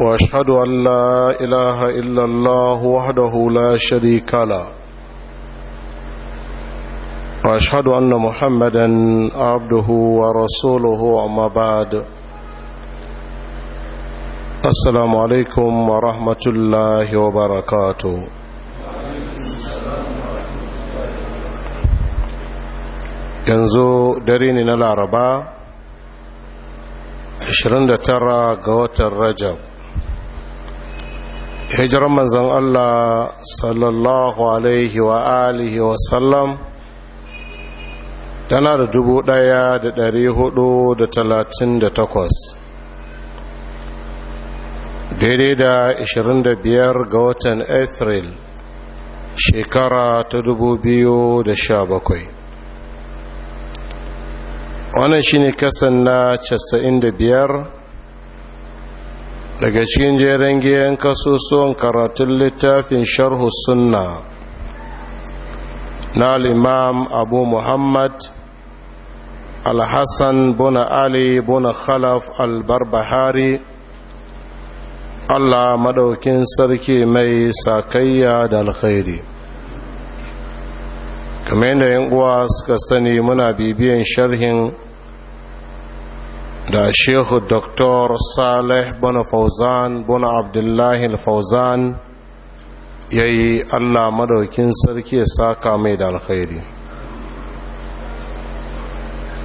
واشهد ان لا اله الا الله وحده لا شريك له واشهد ان محمدا عبده ورسوله اما بعد السلام عليكم ورحمه الله وبركاته yanzu dare ne na laraba 29 ga watan rajab hijiran manzan Allah sallallahu alaihi wa alihi wa sallam tana da dubu ɗaya da dari hudu da talatin da takwas daidai da ashirin da biyar ga watan Afril shekara ta dubu biyu da sha bakwai wannan shine kasan na casa'in da biyar daga cikin jeren giyan kasusuwan karatun littafin sharhu sunna na limam abu muhammad alhassan buna ali buna khalaf albarbahari allah Maɗaukin sarki mai sakayya da alkhairi kamar yadda uwa suka sani muna bibiyan sharhin da shehu doktor saleh bin fauzan bin abdullahi fauzan ya yi allah madaukin sarki ya saka mai da alkhairi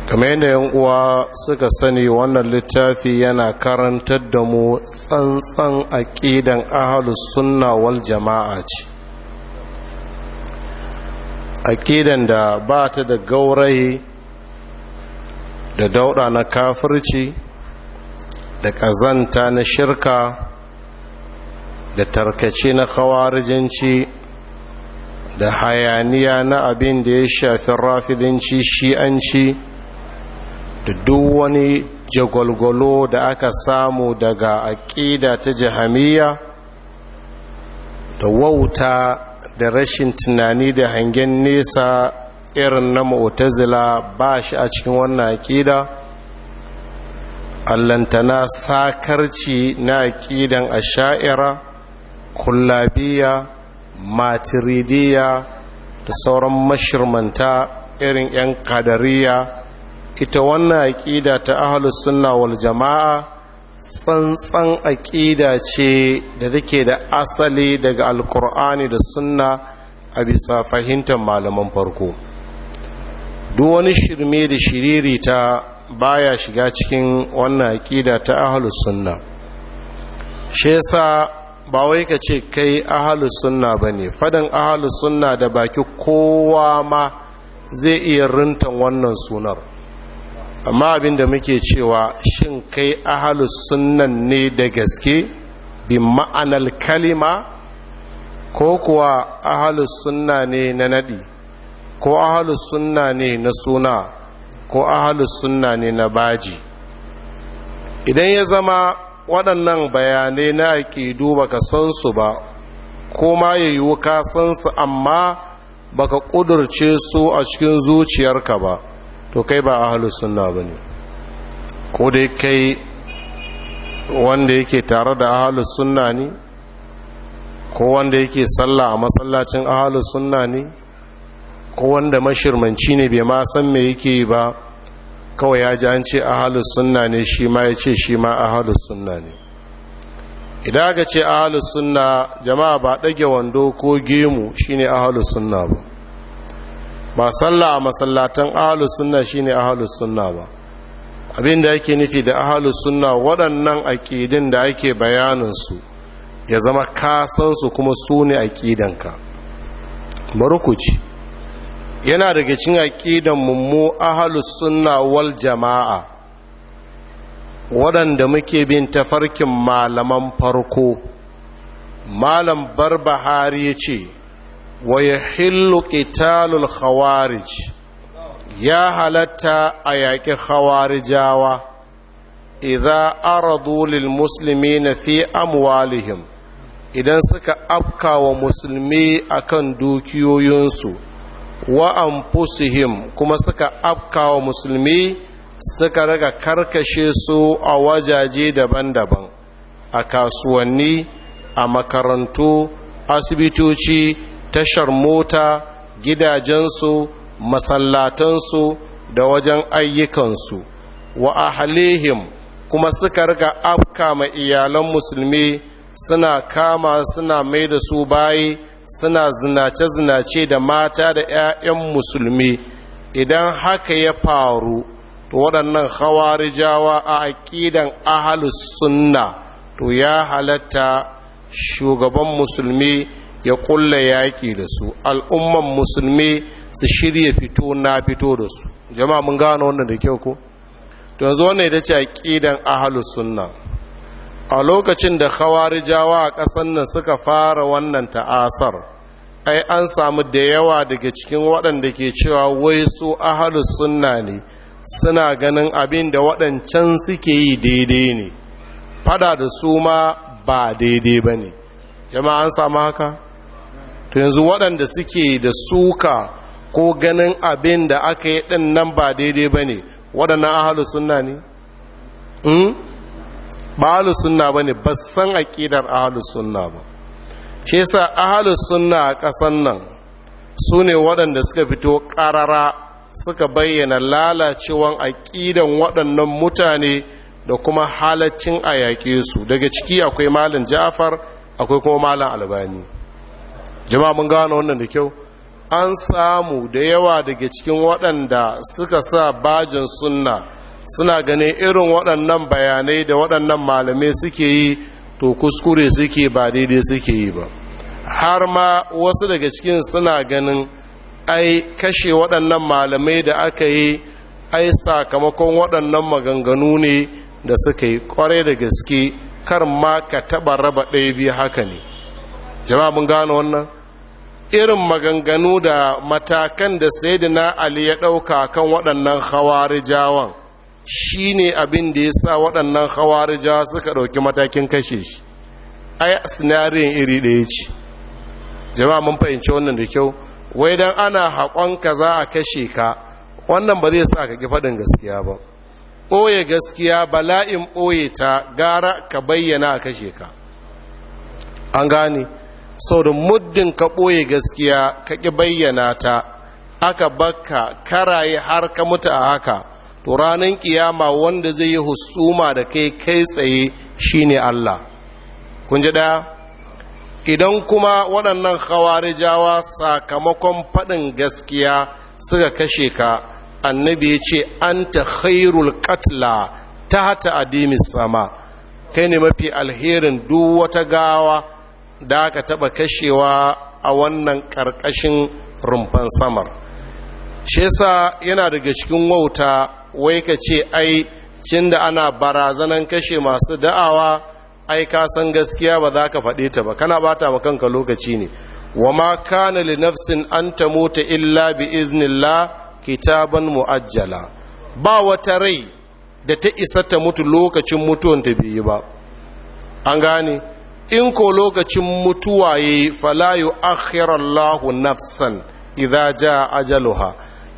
kamar yadda yan uwa suka sani wannan littafi yana karantar da mu tsantsan aƙidan ahalus sunna wal jama'a ce aƙidan da ba ta da gaurayi da dauɗa na kafirci da ƙazanta na shirka da tarkace na kawarijinci da hayaniya na abin da ya shafi rafidinci shi'anci da duk wani jagwalgwalo da aka samu daga aƙida ta jihamiya da wauta da rashin tunani da hangen nesa irin na mu'tazila ba shi a cikin wannan aƙida allantana sakarci na aƙidan asha'ira kullabiya matiridiya da sauran mashirmanta irin 'yan kadariya ita wannan aƙida ta ahalus sunna wal jama'a tsantsan aƙida ce da take da asali daga alkur'ani da sunna a bisa fahimtar malaman farko duk wani shirme da shiriri ta baya shiga cikin wannan aƙida ta ahalus sunna shi yasa ba wai ka ce kai ahalus sunna bane fadan ahalus sunna da baki kowa ma zai iya rintan wannan sunar amma abin da muke cewa shin kai ahalus sunnan ne da gaske bi ma'anar kalima ko kuwa ahalus sunna ne na nadi ko ahalus sunna ne na suna ko ahalus sunna ne na baji idan ya zama waɗannan bayanai na aƙidu ka san su ba ko ma ya yiwu ka san su amma baka ƙudurce su a cikin zuciyarka ba to kai ba ahalus sunna ba ne ko dai kai wanda yake tare da ahalus sunna ne ko wanda yake sallah a masallacin ahalus sunna ne ko wanda mashirmanci ne bai ma san me yake yi ba kawai ya ji an ce ahalus sunna ne shi ma ya ce shi ma ahalus sunna ne idan aka ce ahalus sunna jama'a ba ɗage wando ko gemu shine ahalus sunna ba ba sallah a masallatan ahalus sunna shine ahalus sunna ba abin da yake nufi da ahalus sunna waɗannan aƙidin da ake bayaninsu ya zama kasansu kuma su ne aƙidanka bari ku yana daga cin aƙidan mummu ahalus sunna wal jama'a waɗanda muke bin tafarkin malaman farko malam barbahari ya ce wa ya hillu ƙitalul khawarij ya halatta a yaƙi khawarijawa idza aradu lil na fi amwalihim idan suka afka wa musulmi akan dukiyoyinsu wa anfusihim kuma suka afkawa musulmi suka raga karkashe su a wajaje daban-daban a kasuwanni a makarantu asibitoci tashar mota gidajensu masallatansu da wajen ayyukansu wa ahalihim kuma suka rika afka ma iyalan musulmi suna kama suna mai da su bayi suna zinace-zinace da mata da 'ya'yan musulmi idan haka ya faru to waɗannan hawarijawa a aƙidan ahalus sunna to ya halatta shugaban musulmi ya ƙulla yaƙi da su al'umman musulmi su shirya fito na fito da su jama'a mun gano wannan da kyau ko to yanzu wannan ita ce aƙidan ahalus sunna a lokacin da khawarijawa a ƙasar nan suka fara wannan ta'asar ai an samu da yawa daga cikin waɗanda ke cewa wai su ahalus sunna ne suna ganin abin da waɗancan suke yi daidai ne fada da su ma ba daidai ba ne jama'a an samu haka to yanzu waɗanda suke da suka ko ganin abin da aka yi ɗin nan ba daidai ba ne waɗannan ahalus sunna ne? Hmm? ba ahalus sunna ne ba san aƙidar ahalus sunna ba shi yasa ahalus sunna a kasan nan su ne waɗanda suka fito ƙarara suka bayyana lalacewan aƙidan waɗannan mutane da kuma halaccin a yaƙe su daga ciki akwai malin ja'far akwai kuma malin albani jama'a mun gano wannan da kyau an samu da yawa daga cikin waɗanda suka sa bajin sunna suna gane irin waɗannan bayanai da waɗannan malamai suke yi to kuskure suke ba daidai suke yi ba har ma wasu daga cikin suna ganin ai kashe waɗannan malamai da aka yi ai sakamakon waɗannan maganganu ne da suka yi kwarai da gaske kar ma ka taɓa raba ɗaya biyu haka ne jama'a mun gano wannan irin maganganu da matakan da na ali ya ɗauka kan waɗannan rijawan shi ne abin da ya sa waɗannan jawa suka ɗauki matakin kashe shi ai sinariyin iri ɗaya ce jama'a mun fahimci wannan da kyau wai don ana haƙon ka za a kashe ka wannan ba zai sa ka ƙi faɗin gaskiya ba ɓoye gaskiya bala'in ɓoye ta gara ka bayyana a kashe ka an gane sau da muddin ka ɓoye gaskiya ka ƙi bayyana ta aka bakka karaye har ka mutu a haka to ranar kiyama wanda zai yi husuma da kai kai tsaye shine Allah kun ji ɗaya idan kuma waɗannan jawa sakamakon faɗin gaskiya suka kashe ka annabi ya ce ta khairul katla ta hata adimis sama kai ne mafi alherin duk wata gawa da aka taɓa kashewa a wannan ƙarƙashin rumfan samar Shesa yana daga cikin wauta wai ka ce ai cin da ana barazanan kashe masu da'awa ai ka san gaskiya ba za ka faɗe ta ba kana bata ma kanka lokaci ne wa ma kana li nafsin an ta mota illa bi iznillah kitaban mu'ajjala ba wata rai da ta isa ta mutu lokacin mutuwan ta biyu ba an gane in ko lokacin mutuwa yi fala yu'akhirallahu nafsan idza jaa ajaluha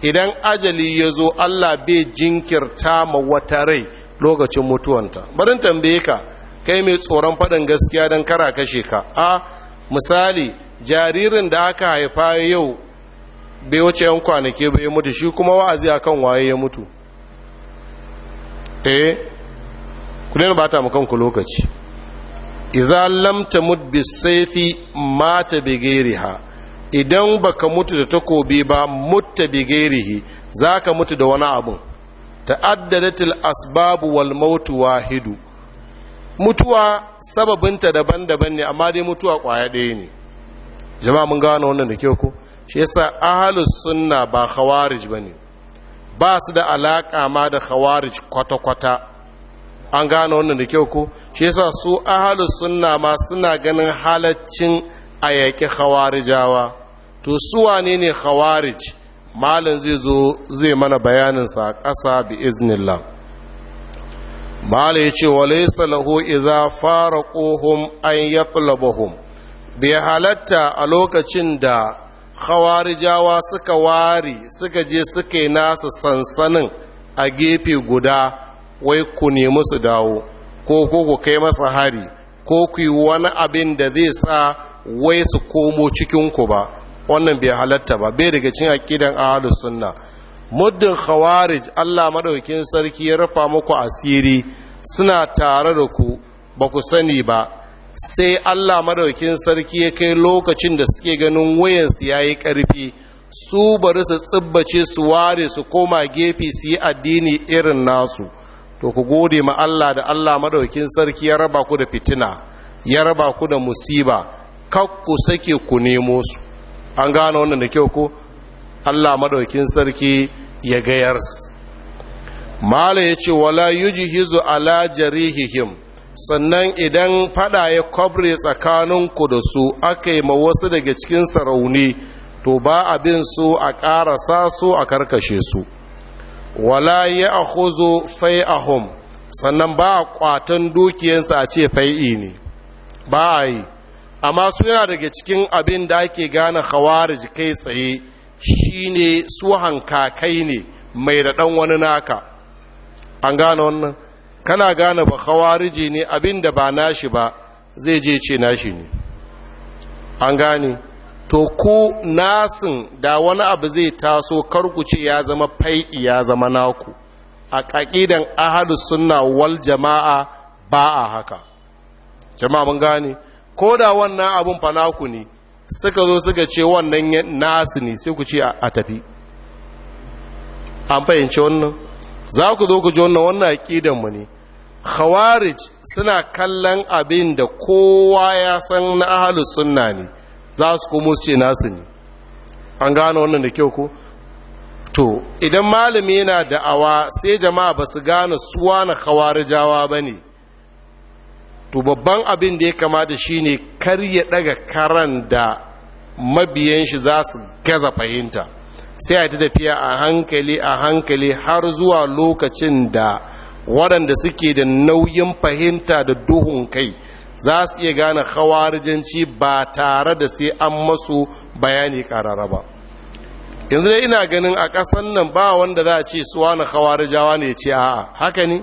idan ajali ya zo allah bai jinkirta ma wata rai lokacin mutuwanta barin tambaye ka kai mai tsoron faɗin gaskiya don kara kashe ka a misali jaririn da aka haifa yau bai wuce yan kwanaki bai mutu shi kuma wa'azi akan waye ya mutu eh ku ne ba ta kanku lokaci idza lam tamut bisayfi mata bighayriha idan baka mutu da takobi ba mutta bi gairihi zaka mutu da wani abu ta'addadatil asbabu wal mautu wahidu mutuwa sababinta daban-daban ne amma dai mutuwa kwaya ɗaya ne jama'a mun gano wannan da kyau ko shi yasa ahlus sunna ba khawarij bane ba su da alaka ma da khawarij kwata-kwata an gano wannan da kyau ko shi yasa su ahlus sunna ma suna ganin halaccin a yaƙi khawarijawa to suwa ne ne khawarij malin zai zo zai mana bayaninsa a ƙasa bi iznillah malin ya ce wa laisa lahu idza ƙohun an yaqlabahum bai halatta a lokacin da khawarijawa suka ware suka je suka yi nasu sansanin a gefe guda wai ku nemi su dawo ko ko ku kai masa hari ko ku yi wani abin da zai sa wai su komo cikinku ba wannan bai halatta ba bai daga cin aqidan ahlus sunna muddin khawarij Allah madaukin sarki ya rufa muku asiri suna tare da ku ba ku sani ba sai Allah madaukin sarki ya kai lokacin da suke ganin wayan wayansu yayi karfi su bari su tsibbace su ware su koma gefe su yi addini irin nasu to ku gode ma Allah da Allah madaukin sarki ya raba ku da fitina ya raba ku da musiba kakku ku sake ku nemo su an gano wannan da kyau ko Allah madaukin sarki ya gayar mala ya ce wala yujhizu ala jarihihim sannan idan fada ya tsakanin ku da su aka ma wasu daga cikin sarauni to ba abin su a karasa su a karkashe su wala ya ahuzo fai'ahum sannan ba kwatan dukiyansa a ce fai'i ne ba a yi amma su yana daga cikin abin da ake gane khawarij kai tsaye shine su hankakai ne mai da ɗan wani naka an gane wannan kana gane ba khawariji ne abin da ba nashi ba zai je ce nashi ne an gane to ku nasin da wani abu zai taso karkuce ya zama fai'i ya zama naku a ƙaƙidan ahadu suna wal jama'a ba a haka jama'a mun gane ko da wannan abun fanaku ne suka zo suka ce wannan nasu ne sai ku ce a tafi an fahimci wannan za ku zo ku ji wannan wannan aƙidanmu ne khawarij suna kallon abin da kowa ya san na ahalus sunna ne za su kuma su ce nasu ne an gano wannan da kyau ko to idan malami yana da'awa sai jama'a ba su gane suwa na khawarijawa ba ne to babban abin da ya kamata shine kar ya daga karan da mabiyan shi za su gaza fahimta sai a ta tafiya a hankali a hankali har zuwa lokacin da waɗanda suke da nauyin fahimta da duhun kai za su iya gane khawarijanci ba tare da sai an masu bayani karara ba yanzu dai ina ganin a ƙasan nan ba wanda za a ce suwa na khawarijawa ne ce a'a haka ne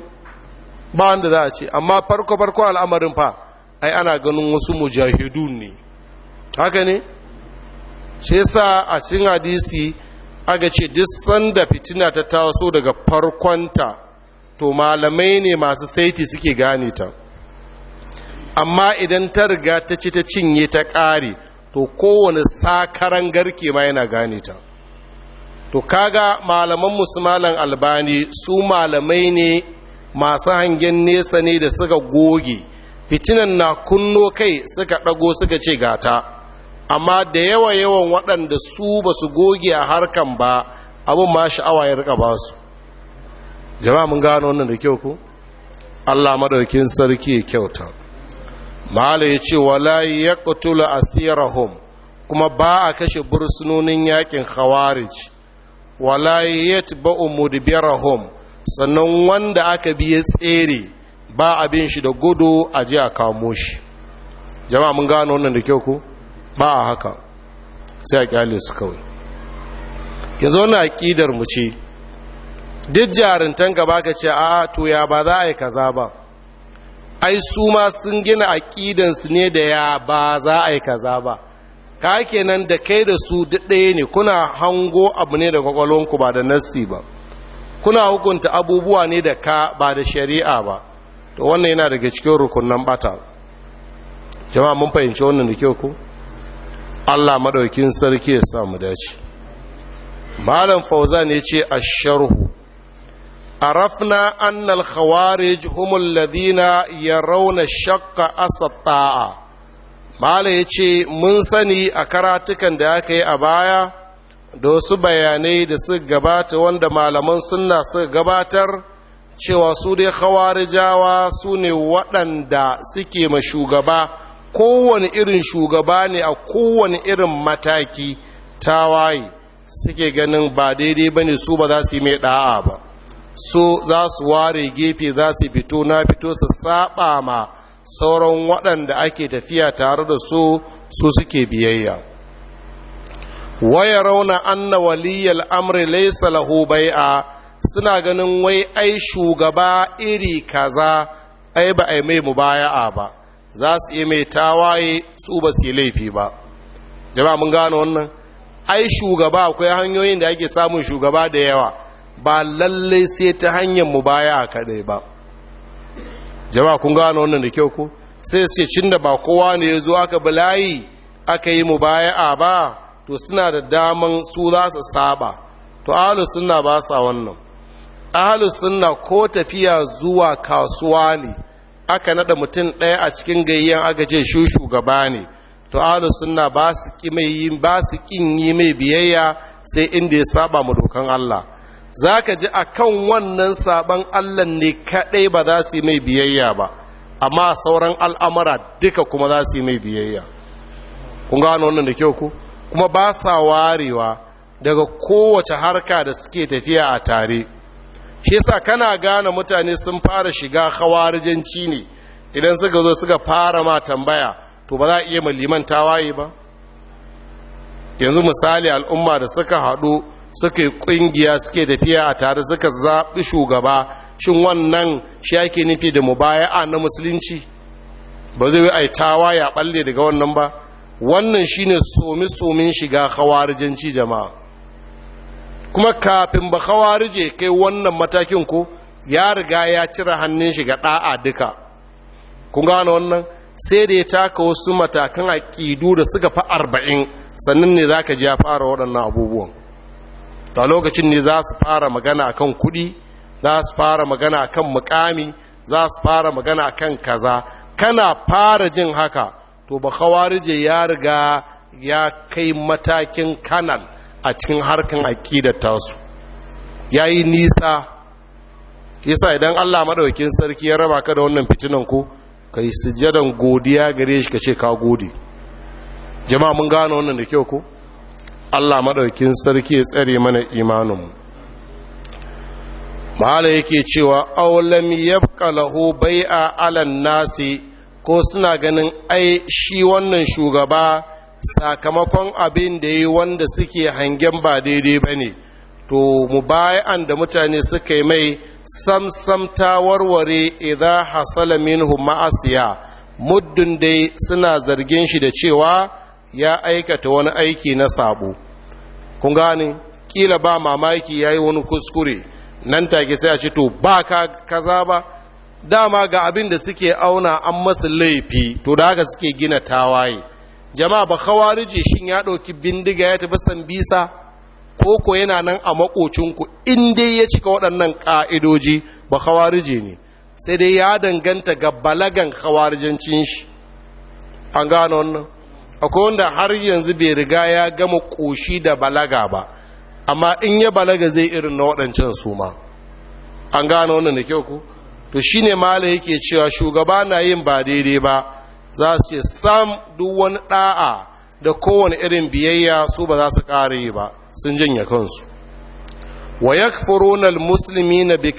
ba wanda za a ce amma farko farko al'amarin fa ai ana ganin wasu mujahidun ne haka ne shi yasa a cikin hadisi aka ce duk sanda fitina ta taso daga farkonta to malamai ne masu saiti suke gane ta amma idan ta riga ta ci ta cinye ta ƙare to kowane sakaran garke ma yana gane ta to kaga malaman musulman albani su malamai ne masu hangen nesa ne da suka goge fitinan na kunno kai suka ɗago suka ce gata amma da yawa yawan waɗanda su ba su goge a harkan ba abin ma sha'awa ya rika ba su jama'a mun gano wannan da kyau ku allah madaukin sarki ya kyauta mahala ya ce wala ya kutula asirahum kuma ba a kashe bursunonin yakin khawarij wala ya taba umudbirahum sannan wanda aka biya tsere ba abin shi da gudu a ji a kamo shi jama'a mun gano wannan da kyau ko ba a haka sai a kyale su kawai ya zo na aƙidar mu ce duk jarintan gaba ka ce a to ya ba za a yi kaza ba ai su ma sun gina aƙidansu ne da ya ba za a yi kaza ba ka kenan da kai da su duk ɗaya ne kuna hango abu ne da kwakwalwanku ba da nassi ba kuna hukunta abubuwa ne da ka ba da shari'a ba to wannan yana daga cikin rukunan bata jama'a mun fahimci wannan da kyau ku Allah madaukin sarki ya samu dace malam fauzan yace asharhu arafna anna al-khawarij hum alladhina yarawna shaqqa asata'a malam yace mun sani a karatukan da aka yi a baya da wasu bayanai da su gabata wanda malaman sunna su gabatar cewa su dai khawarijawa su ne waɗanda suke ma shugaba kowane irin shugaba ne a kowane irin mataki tawaye suke ganin ba daidai ba ne su ba za su yi mai ɗa'a ba su za su ware gefe za su fito na fito su saɓa ma sauran waɗanda ake tafiya tare da su su suke biyayya waya rauna anna waliyal amri laysa lahu bai'a suna ganin wai ai shugaba iri kaza ai ba ai mai mubaya'a ba za su yi mai tawaye su ba su yi laifi ba jama mun gano wannan ai shugaba akwai hanyoyin da ake samun shugaba da yawa ba lallai sai ta hanyar mubaya'a kadai ba jama kun gano wannan da kyau ko sai su ce cin da ba kowa ne ya zo aka bala'i aka yi mubaya'a ba to suna da daman su za su saba to ahalus sunna ba sa wannan ahalus sunna ko tafiya zuwa kasuwa ne aka nada mutum ɗaya a cikin gayyan aka ce shi shugaba ne to ahalus sunna ba su kin yi mai biyayya sai inda ya saba mu dokan Allah za ka ji a kan wannan saban Allah ne kadai ba za su yi mai biyayya ba amma sauran al'amura duka kuma za su yi mai biyayya kun gano wannan da kyau ku? kuma ba sa warewa daga kowace harka da suke tafiya a tare shi sa kana gane mutane sun fara shiga khawarijanci ne idan suka zo suka fara ma tambaya to ba za a iya maliman tawaye ba yanzu misali al'umma da suka haɗu suka yi ƙungiya suke tafiya a tare suka zaɓi shugaba shin wannan shi ake nufi da mubaya'a na musulunci ba zai yi aitawa ya ɓalle daga wannan ba wannan shine somi-somin shiga khawarijanci jama'a kuma kafin ba khawarije kai wannan matakin ko ya riga ya cire hannun shiga da'a duka kun gane wannan sai da ya taka wasu matakan aƙidu da suka fa arba'in sannan ne za ka ji ya fara waɗannan abubuwan ta lokacin ne za su fara magana kan kuɗi za su fara magana akan mukami za su fara magana akan kaza kana fara jin haka to ba khawarije ya riga ya kai matakin kanal a cikin harkan aqida tasu ya yi nisa yasa idan allah maɗaukin sarki ya raba ka da wannan fitinan ku, ka yi sujjadan godiya gare shi ka ka gode jama'a mun gano wannan da kyau ko allah maɗaukin sarki ya tsare mana imanin mu mahala yake cewa awlam yabqa lahu bai'a alan nasi ko suna ganin ai shi wannan shugaba sakamakon abin da yi wanda suke hangen ba daidai ba ne to mu mubayan da mutane suka yi mai samsam ta warware idan hasala hu ma'asiya muddin dai suna zargin shi da cewa ya aikata wani aiki na sabo kun gane kila ba mamaki ya yi wani kuskure nan take sai a ce to ba ka kaza ba dama ga abin da suke auna an masa laifi to da haka suke gina tawaye jama'a ba khawarije shin ya ɗauki bindiga ya tafi san bisa ko ko yana nan a makocinku in dai ya cika waɗannan ƙa'idoji ba khawarije ne sai dai ya danganta ga balagan khawarijancin shi an gano wannan akwai wanda har yanzu bai riga ya gama ƙoshi da balaga ba amma in ya balaga zai irin na waɗancan su ma an gano wannan da kyau ko to shi shine mala yake cewa shugaba na yin ba daidai ba za su ce sam duk wani ɗa'a da kowane irin biyayya su ba za su ƙara yi ba sun janye kansu wa na na bi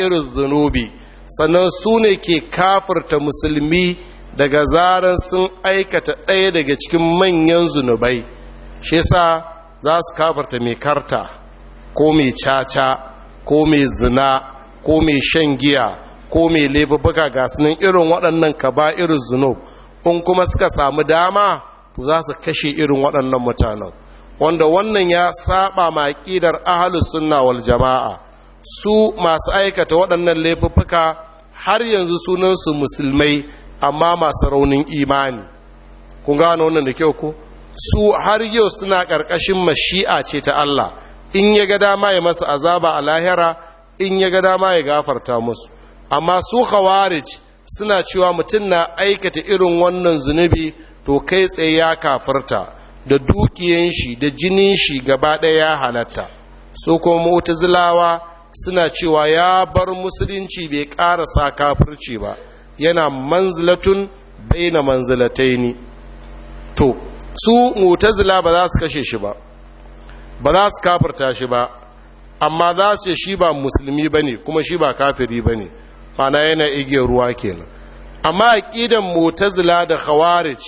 irin zunubi sannan su ne ke kafirta musulmi daga zarar sun aikata ɗaya daga cikin manyan zunubai shi sa za su kafarta mai karta ko mai caca ko mai zina ko mai shan giya ko mai laifuka ga sunan irin waɗannan irin zunub in kuma suka samu dama to za su kashe irin waɗannan mutanen wanda wannan ya saba ma ƙidar ahlus sunna wal jama'a su masu aikata waɗannan laifuka har yanzu sunansu musulmai amma masu raunin imani kun gano wannan da kyau ko su har yau suna ƙarƙashin mashi'a ce ta Allah in ya ga dama ya masu azaba a lahira in ya ga dama ya gafarta musu amma su khawarij suna cewa mutum na aikata irin wannan zunubi to kai tsaye ya kafirta da dukiyan shi da jinin shi gaba ɗaya ya halatta su kuma mu'tazilawa suna cewa ya bar musulunci bai ƙarasa kafirci ba yana manzilatun baina manzilataini to su mu'tazila ba za su kashe shi ba ba za su kafirta shi ba amma za su ce shi ba musulmi bane kuma shi ba kafiri bane mana yana igiyar ruwa kenan amma aqidan mu'tazila da khawarij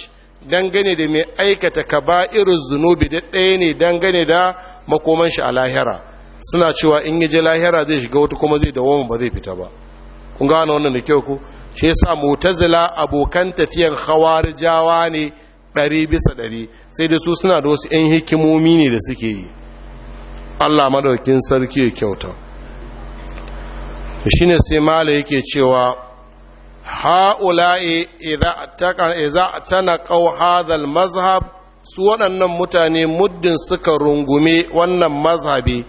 dangane da mai aikata kaba'ir zunubi da ɗaya ne dangane da makoman shi a lahira suna cewa in yi je lahira zai shiga wata kuma zai dawo ba zai fita ba kun gane wannan da kyau ku shi yasa mu'tazila abokan tafiyan khawarijawa ne ɗari bisa ɗari sai da su suna da wasu 'yan hikimomi ne da suke yi allah madaukin sarki ya kyauta shi ne sai mala yake cewa ha'ula'i za tana kawo hadal mazhab su waɗannan mutane muddin suka rungume wannan mazhabi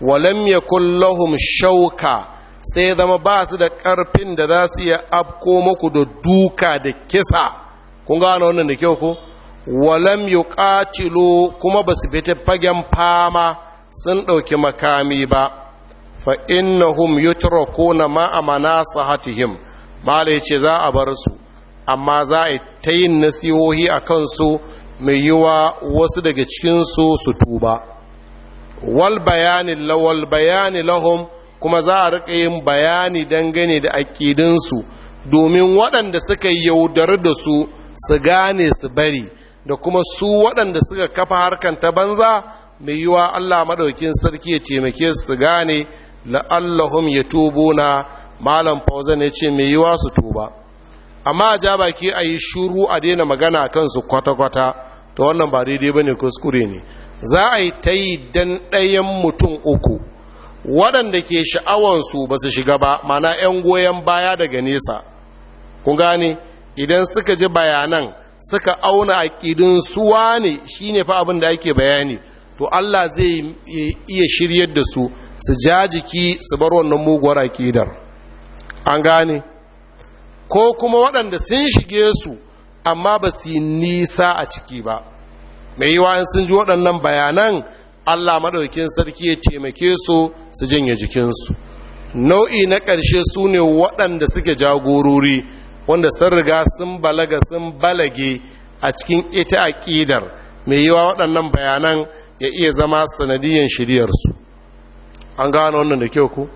walam ya lahum shauka sai zama ba su da ƙarfin da za su iya afko maku da duka da kisa kun gano wannan da kyau ko walam ƙacilo kuma ba su fita fagen fama sun ɗauki makami ba fa innahum yutrakuna ma amana sahatihim malai ce za a bar su amma za a ta yin nasihohi a su mai yiwa wasu daga cikin su tuba wal bayani lawal bayani lahum kuma za a riƙa yin bayani dangane da aƙidinsu domin waɗanda suka yaudar da su su gane su bari da kuma su waɗanda suka kafa harkan ta banza mai yiwa allah maɗaukin sarki ya taimake su gane la'allahum na malam fauzan ya ce mai yiwa su tuba amma a ja baki a yi shuru a daina magana a kansu kwata-kwata ta wannan ba daidai ba ne kuskure ne za a yi ta yi dan ɗayan mutum uku waɗanda ke sha'awansu ba su shiga ba mana 'yan goyon baya daga nesa kun gane idan suka ji bayanan suka auna ƙidin suwa ne shine fa abin da ake bayani to allah zai iya shiryar da su su ja jiki su bar wannan muguwar aƙidar an gane ko kuma waɗanda sun shige su amma ba su yi nisa a ciki ba mai yiwa wa'in sun ji waɗannan bayanan allah maɗaukin sarki ya taimake su su janye jikinsu nau'i na ƙarshe su ne waɗanda suke jagorori wanda sun riga sun balaga sun balage a cikin ita aƙidar mai yiwa waɗannan bayanan ya iya zama sanadiyyar shiryarsu an gano wannan da kyau ku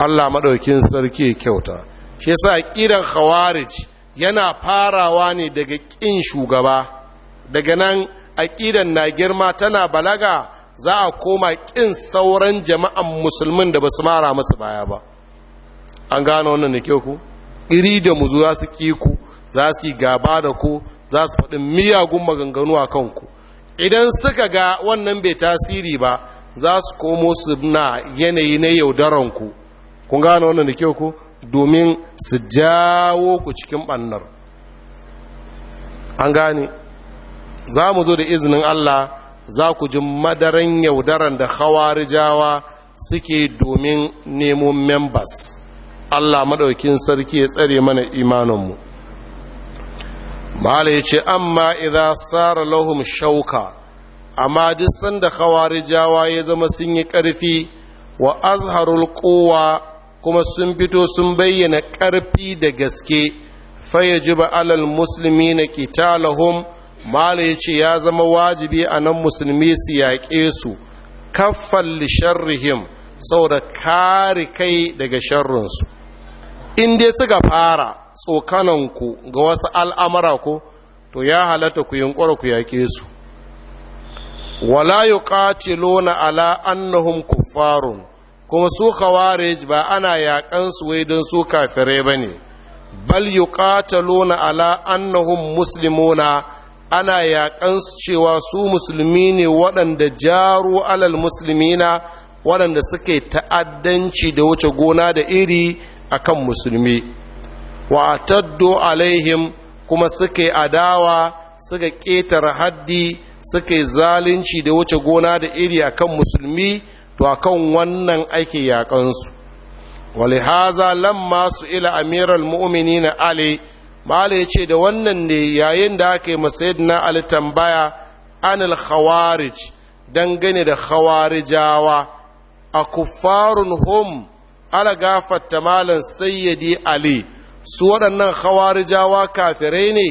Allah maɗaukin sarki kyauta shi yasa ƙidan khawarij yana farawa ne daga ƙin shugaba daga nan aƙidan na girma tana balaga za a koma ƙin sauran jama'an musulmin da basu mara musu baya ba an gano wannan da kyau ku iri da mu za su ƙi ku za su yi gaba da ku za su faɗi miyagun maganganu a kanku idan suka ga wannan bai tasiri ba za su komo su na yanayi na yaudaranku kun gane wannan da kyau ku domin su jawo ku cikin bannar an gane za mu zo da izinin allah za ku ji madaran yaudaran da jawa suke domin nemo members allah maɗaukin sarki ya tsare mana imaninmu mu ya ce amma idan sara lahum shauka amma duk sanda khawarijawa ya zama sun yi ƙarfi wa azharul kowa kuma sun fito sun bayyana ƙarfi da gaske ba alal musulmi na qitalahum mala ya ce ya zama wajibi a nan musulmi su yaƙe su li lisharrihim saboda kare kai daga sharrinsu in dai suka fara tsokananku ga wasu al'amara ko to ya halatta ku yunƙura ku yaƙe su wala yuqatiluna ala annahum kuffarun kuma su khawarij ba ana yaƙan su wai don su kafirai bane bal yuqataluna ala annahum muslimuna ana yaƙan su cewa su musulmi ne waɗanda jaru alal muslimina waɗanda suke ta'addanci da wuce gona da iri akan musulmi wa taddo alaihim kuma suke adawa suka ƙetare haddi suka yi zalunci da wuce gona da iri a kan musulmi to a kan wannan ake yaƙansu haza lamma su ila amiral mu'mini na ali mala ya ce da wannan ne yayin da aka yi masayid na ali tambaya anil khawarij dangane da khawarijawa a kuffarun hum ala gafarta malan sayyadi ali su waɗannan khawarijawa kafirai ne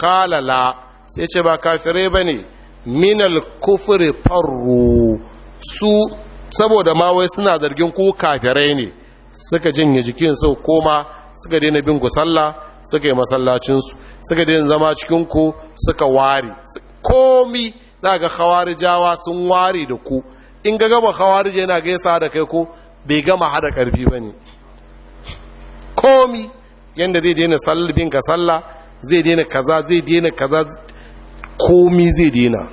kalala sai ce ba kafirai ba ne minal kufri farru su saboda ma wai suna zargin ku kafirai ne suka jinye jikin su koma suka daina bin ku sallah suka yi masallacinsu suka daina zama cikin ku suka ware komi daga ga khawarijawa sun ware da ku in ga gama khawarije yana gaisa da kai ko bai gama hada karfi ba ne komi yadda zai daina bin ka sallah zai daina kaza zai daina kaza komi zai dina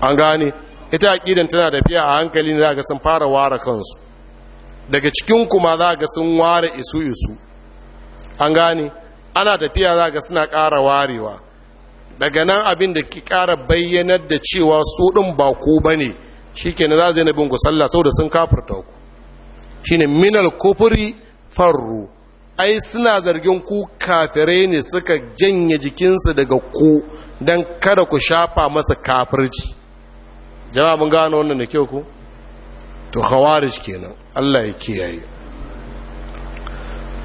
an gane ita aƙidan tana tafiya a hankali za ga sun fara ware kansu daga cikin kuma za ga sun ware isu isu an gane ana tafiya za ga suna ƙara warewa daga nan abin da ki ƙara bayyanar da cewa su ɗin ba ko ba ne shi ke na za zai na ku sallah sau da sun kafarta ku shi ne minal kufuri farru ai suna zargin ku kafirai ne suka janye jikinsu daga ku don kada ku shafa masa kafirci jama'a mun gano wannan da kyau ku to khawarij kenan Allah ya kiyaye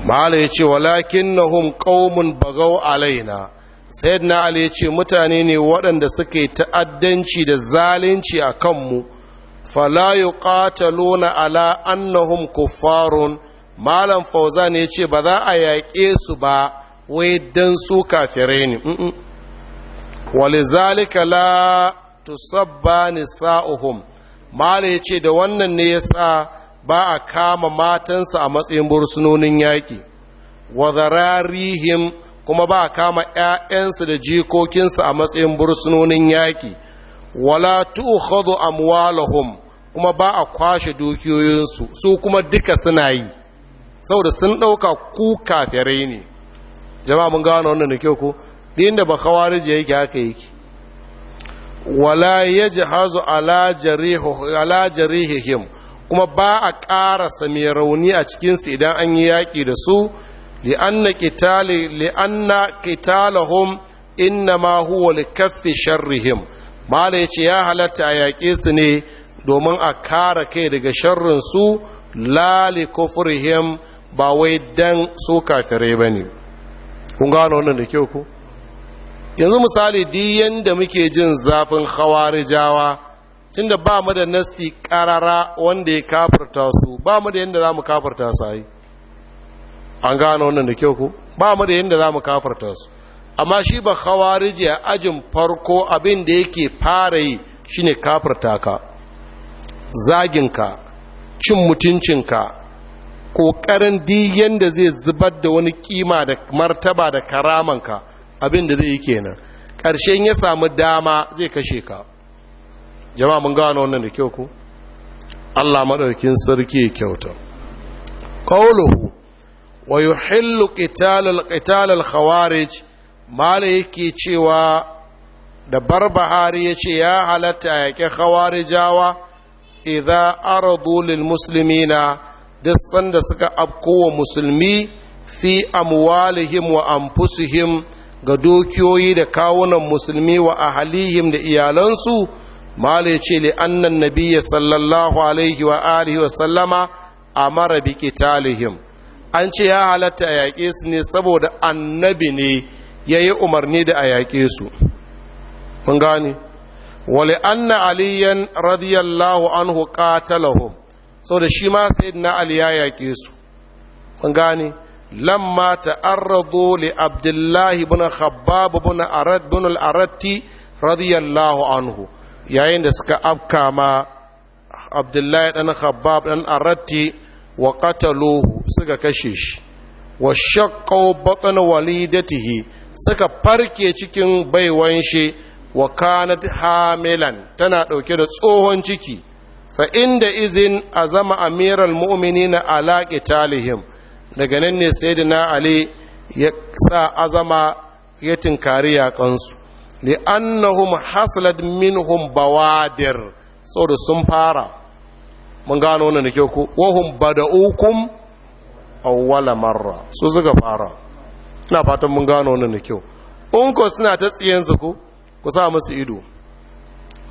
mala yace walakinnahum qaumun bagaw alaina sayyidina ali yace mutane ne waɗanda suke ta'addanci da zalunci a mu fala yuqataluna ala annahum kuffarun malam fauzan yace ba za a yaƙe su ba wai dan su kafirai ne walizalika la tusabba nisa'uhum mala yace da wannan ne yasa sa ba a kama matansa a matsayin bursunonin yaƙi wa zararihim kuma ba a kama 'ya'yansu da jikokinsu a matsayin bursunonin yaƙi wala tu'khadhu amwaluhum kuma ba a kwashe dukiyoyinsu su kuma duka suna yi saboda sun ɗauka ku kafirai ne jama'a mun gano wannan da kyau ko din da ba kawarije yake haka yake wala yajhazu ala jarihu ala jarihihim kuma ba a ƙara sami rauni a cikinsu idan an yi yaki da su li'anna qitali anna qitalahum innama huwa kaffi sharrihim mala yace ya halatta a su ne domin a kare kai daga sharrin su la li kufrihim ba wai dan su kafirai bane kun gano wannan da kyau ko yanzu misali diyan da muke jin zafin hawarijawa tunda ba mu da nasi karara wanda ya kafarta su ba mu da yadda za mu kafarta su ayi, an gano wannan da kyau ku, ba mu da yadda za mu kafarta su amma shi ba hawarije a ajin farko abin da yake fara yi shi ne kafarta ka zaginka cin mutuncinka ƙoƙarin diyan da zai zubar da wani kima da martaba da karamanka abin da zai yi kenan ƙarshen ya samu dama zai kashe ka jama'a mun gano wannan da kyau ku Allah madaukin sarki kyauta qawluhu wa yuhillu qitalal qitalal khawarij mala yake cewa da barbahari yace ya halatta yake khawarijawa idza aradu lil muslimina duk sanda suka abko wa musulmi fi amwalihim wa anfusihim ga dokiyoyi da kawunan musulmi wa ahalihim da iyalansu mala ya ce li annan nabiyya sallallahu alaihi wa alihi wa sallama amara bi qitalihim an ce ya halatta a yaƙe su ne saboda annabi ne ya yi umarni da a yaƙe su mun gane wali anna aliyan radiyallahu anhu qatalahum saboda shi ma sayyidina Aliya ya yaƙe su mun gane Lamma ta لعبد الله بن خباب بن أرد بن الأردتي رضي الله yayin da suka afka ma abdullahi dan khabbab dan arati wa qataluhu suka kashe shi wa shaqqaw batn walidatihi suka farke cikin baiwan shi wa kanat hamilan tana dauke da tsohon ciki fa da izin azama amiral mu'minina ala Talihim. daga nan ne sai da na ali ya sa azama ya tinkari yaƙansu li'annahum haslat minhum bawadir saboda sun fara mun gano wannan da kyau ko wahum bada'ukum awwala marra su suka fara ina fatan mun gano wannan da kyau in ko suna ta tsiyansu ku? ku sa musu ido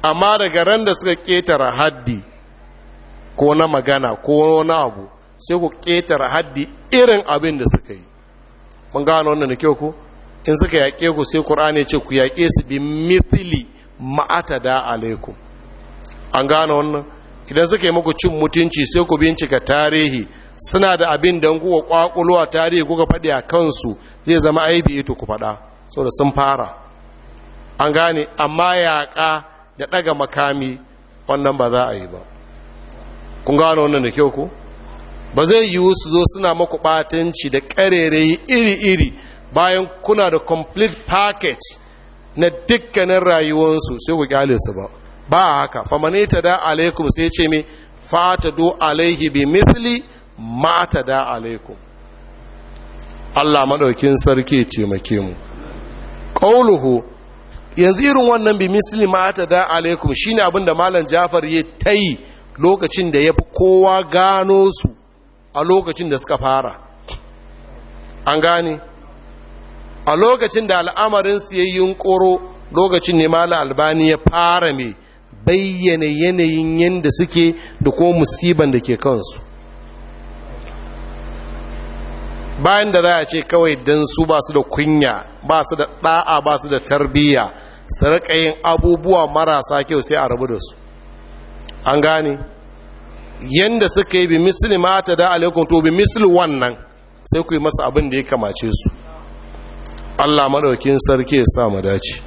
amma daga ran da suka ketara haddi ko na magana ko na abu sai ku ƙetare haddi irin abin da suka yi mun gano wannan da kyau ku in suka yaƙe ku sai ƙur'ani ce ku yaƙe su bi mithili ma'ata da alaikum an gano wannan idan suka yi maku cin mutunci sai ku bincika tarihi suna da abin da kuka kwakulwa tarihi kuka faɗi a kansu zai zama aibi ito ku faɗa da sun fara an gane amma yaƙa da ɗaga makami wannan ba za a yi ba kun gano wannan da kyau ku ba zai yiwu su zo suna maku batanci da ƙarerayi iri-iri bayan kuna da complete package na dukkanin rayuwarsu sai ku kyale su ba ba haka famane ta da alaikum sai ce mai fata do alaihi bi mithli ma ta da alaikum Allah madaukin sarki taimake mu ƙauluhu yanzu irin wannan bi misli ma ta da alaikum shine abin da malam Jafar ya ta lokacin da ya fi kowa gano su a lokacin da suka fara an gane a lokacin da al'amarin siyayyin koro lokacin ne mala albani ya fara mai bayyana yanayin yadda suke da ko musiban da ke kansu bayan da za a ce kawai don su ba su da kunya ba su da ɗa'a ba su da tarbiyya su abubuwa marasa kyau sai a rabu da su an gane yanda suka yi bi misli ma ta da alaikun to bi misli wannan sai ku yi masa abin da ya kamace su Allah madaukin sarki ya sa mu dace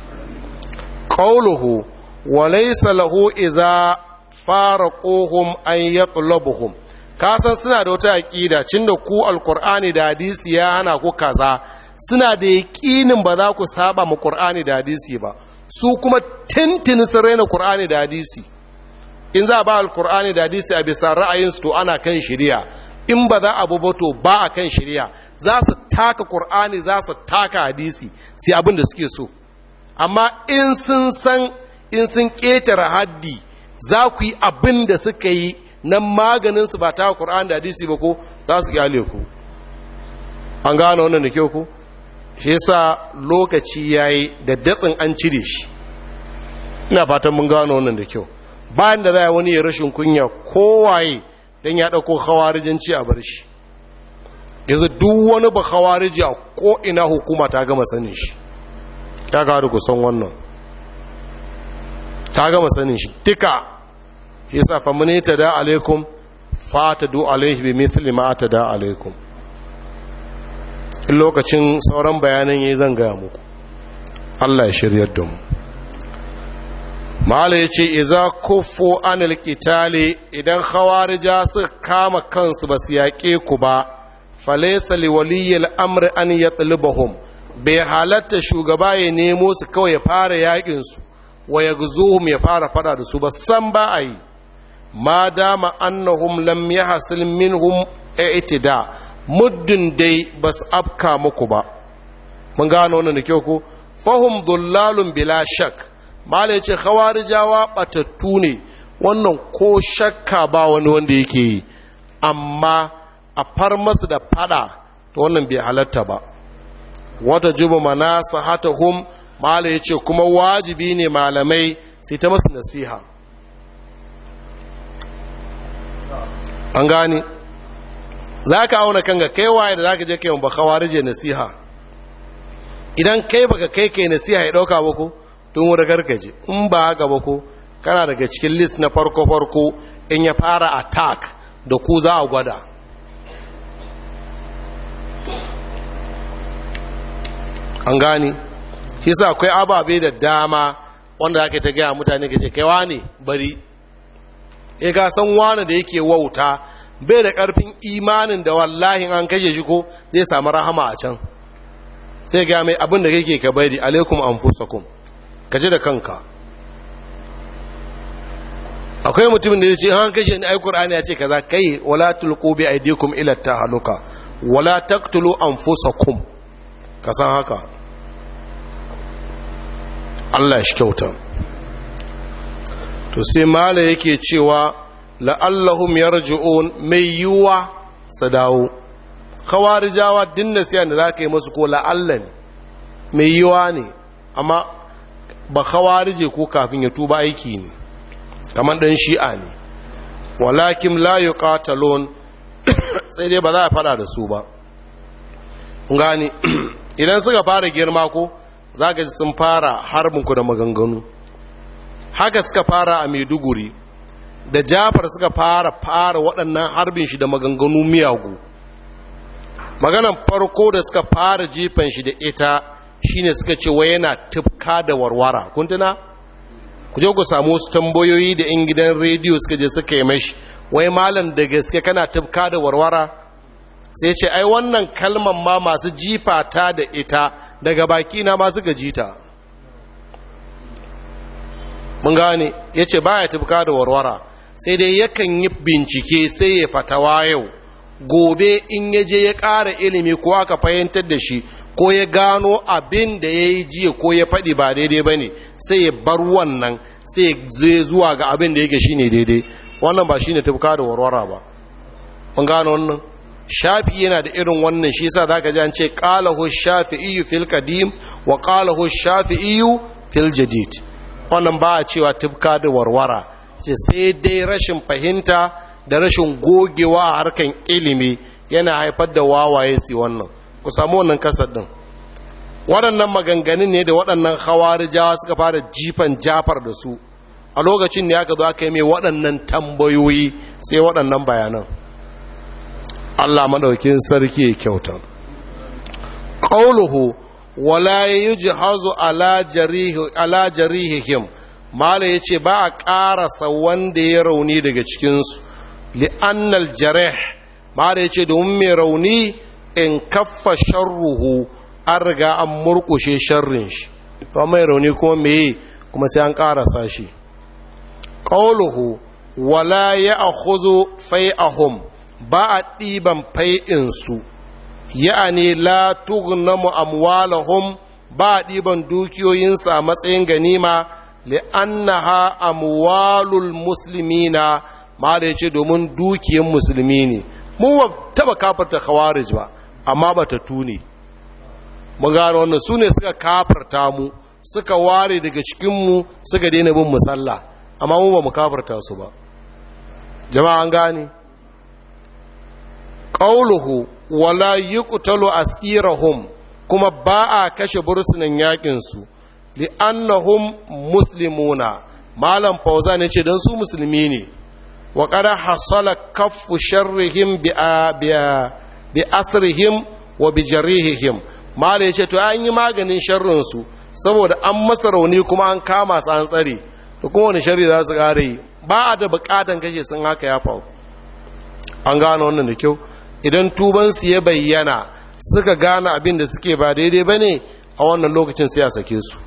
qauluhu wa laysa lahu idza faraquhum an yatlubuhum ka san suna da wata aqida cinda ku alqur'ani da hadisi ya hana ku kaza suna da yaqinin ba za ku saba mu qur'ani da hadisi ba su kuma tintin sun na qur'ani da hadisi in za a ba alkur'ani da hadisi a bisa ra'ayinsu to ana kan shirya in ba za a bubo to ba a kan shirya za su taka kur'ani za su taka hadisi sai abin da suke so amma in sun san in sun ƙetare haddi za ku yi abin da suka yi nan maganinsu ba ta kur'ani da hadisi ba ko za su kyale ku an gane wannan da kyau ku shi yasa lokaci yayi yi da datsin an cire shi ina fatan mun gane wannan da kyau bayan da za a wani ya rashin kunya kowaye don ya ɗauko hawarijanci a bar shi yanzu duk wani ba hawariji a ko'ina hukuma ta gama sanin shi ya gari kusan wannan ta gama sanin shi duka ya sa famini ta da alaikum fata du alaihi bi mithli ma ta da alaikum in lokacin sauran bayanan ya yi zan gaya muku Allah ya shiryar da mu mala ya ce iza kufu anil qitali idan khawarija su kama kansu ba su yaƙe ku ba falaisa li waliyil amri an yatlubahum bai halatta shugaba ya nemo su kawai ya fara yaƙin su wa yaghzuhum ya fara fada da su ba san ba a yi ma dama annahum lam yahsil minhum i'tida muddin dai ba su afka muku ba mun gano wannan da kyau ko fahum dullalun bila shak malai ya ce khawarijawa batattu ne wannan ko shakka ba wani wanda yake yi amma a far masu da fada ta wannan bai halatta ba wata jubu mana hum mala ya ce kuma wajibi ne malamai sai ta masu nasiha an gane za ka auna kanga kai waye da za ka je kai ba kawarije nasiha idan kai baka kai kai nasiha ya ɗauka ba ku. tun wuri ji in ba haka ba ko kana daga cikin list na farko-farko in ya fara attack da ku za a gwada an gani shi akwai ababe da dama wanda ake ta gaya mutane ke ce kaiwa ne bari ya e, ga san wani da yake wauta bai da karfin imanin da wallahi an kashe shi ko zai samu rahama a can sai ga mai abin da kake ka bari alaikum anfusakum ka ji da kanka akwai mutumin da ya ce an kashe ni ayi qur'ani ya ce kaza kai wala tulqu bi aydikum ila tahaluka wala taqtulu anfusakum ka san haka Allah ya shi kyauta to sai mala yake cewa la'allahum yarji'un mai yiwa su dawo khawarijawa din siya da zaka yi musu ko la'allan mai yiwuwa ne amma ba khawarije ko kafin ya tuba aiki ne kamar dan shi'a ne walakin la yuqatalun sai dai ba za a fada da su ba gani idan suka fara girma ko zaka ji sun fara harbin ku da maganganu haka suka fara a Maiduguri da Jafar suka fara fara waɗannan harbin shi da maganganu miyagu maganan farko da suka fara jifan shi da ita shine suka ce wai yana tufka da warwara kun tuna ku je ku samu wasu tambayoyi da yan gidan rediyo suka je suka yi mashi wai malam da gaske kana tufka da warwara sai ce ai wannan kalmar ma masu jifa ta da ita daga baki na ma suka ta mun gane ya ce baya tufka da warwara sai dai yakan yi bincike sai ya fatawa yau gobe in ya je ya ƙara ilimi ko aka fahimtar da shi ko ya gano abin da ya yi jiya ko ya faɗi ba daidai ba ne sai ya bar wannan sai ya zuwa ga abin da yake shi ne daidai wannan ba shi ne tafka da warwara ba mun gano wannan shafi yana da irin wannan shi sa zaka ji an ce shafi shafi'i fil qadim wa shafi shafi'i fil jadid wannan ba a cewa tafka da warwara sai dai rashin fahimta da rashin gogewa a harkan ilimi yana haifar da wawaye su wannan ku samu wannan kasar din waɗannan maganganun ne da waɗannan jawa suka fara jifan jafar da su a lokacin ne aka zo aka yi mai waɗannan tambayoyi sai waɗannan bayanan Allah maɗaukin sarki ya kyauta ƙauluhu wala yi ji hazu ala jarihihim mala ce ba a ƙarasa wanda ya rauni daga cikinsu li'annal jarih mala ce domin mai rauni in kaffa sharruhu an riga an murkushe sharrin shi to mai rauni ko meye kuma sai an karasa shi qawluhu wala ya'khudhu fai'ahum ba a ɗiban fai'in su ya'ani la tughnamu amwalahum ba a ɗiban dukiyoyinsu a matsayin ganima li'annaha amwalul muslimina ma da yace domin dukiyan musulmi ne mu ba taba kafarta khawarij ba amma ba ta tuni gano wannan su ne suka kafarta mu suka ware daga cikinmu suka daina bin musalla amma mu ba mu kafarta su ba jama'an an ƙauluhu wala yuqtalu asirahum kuma ba a kashe bursunan yaƙinsu li'annahum muslimuna malam fauza ne ce don su musulmi ne wa qad hasala kafu sharrihim bi bi asrihim wa bi jarihihim mala yace to an yi maganin sharrin su saboda an masa rauni kuma an kama su an tsare to kuma wani sharri za su kare yi ba a da bukatan kashe sun haka ya faru an gano wannan da kyau idan tubansu ya bayyana suka gane abin da suke ba daidai bane a wannan lokacin sai a sake su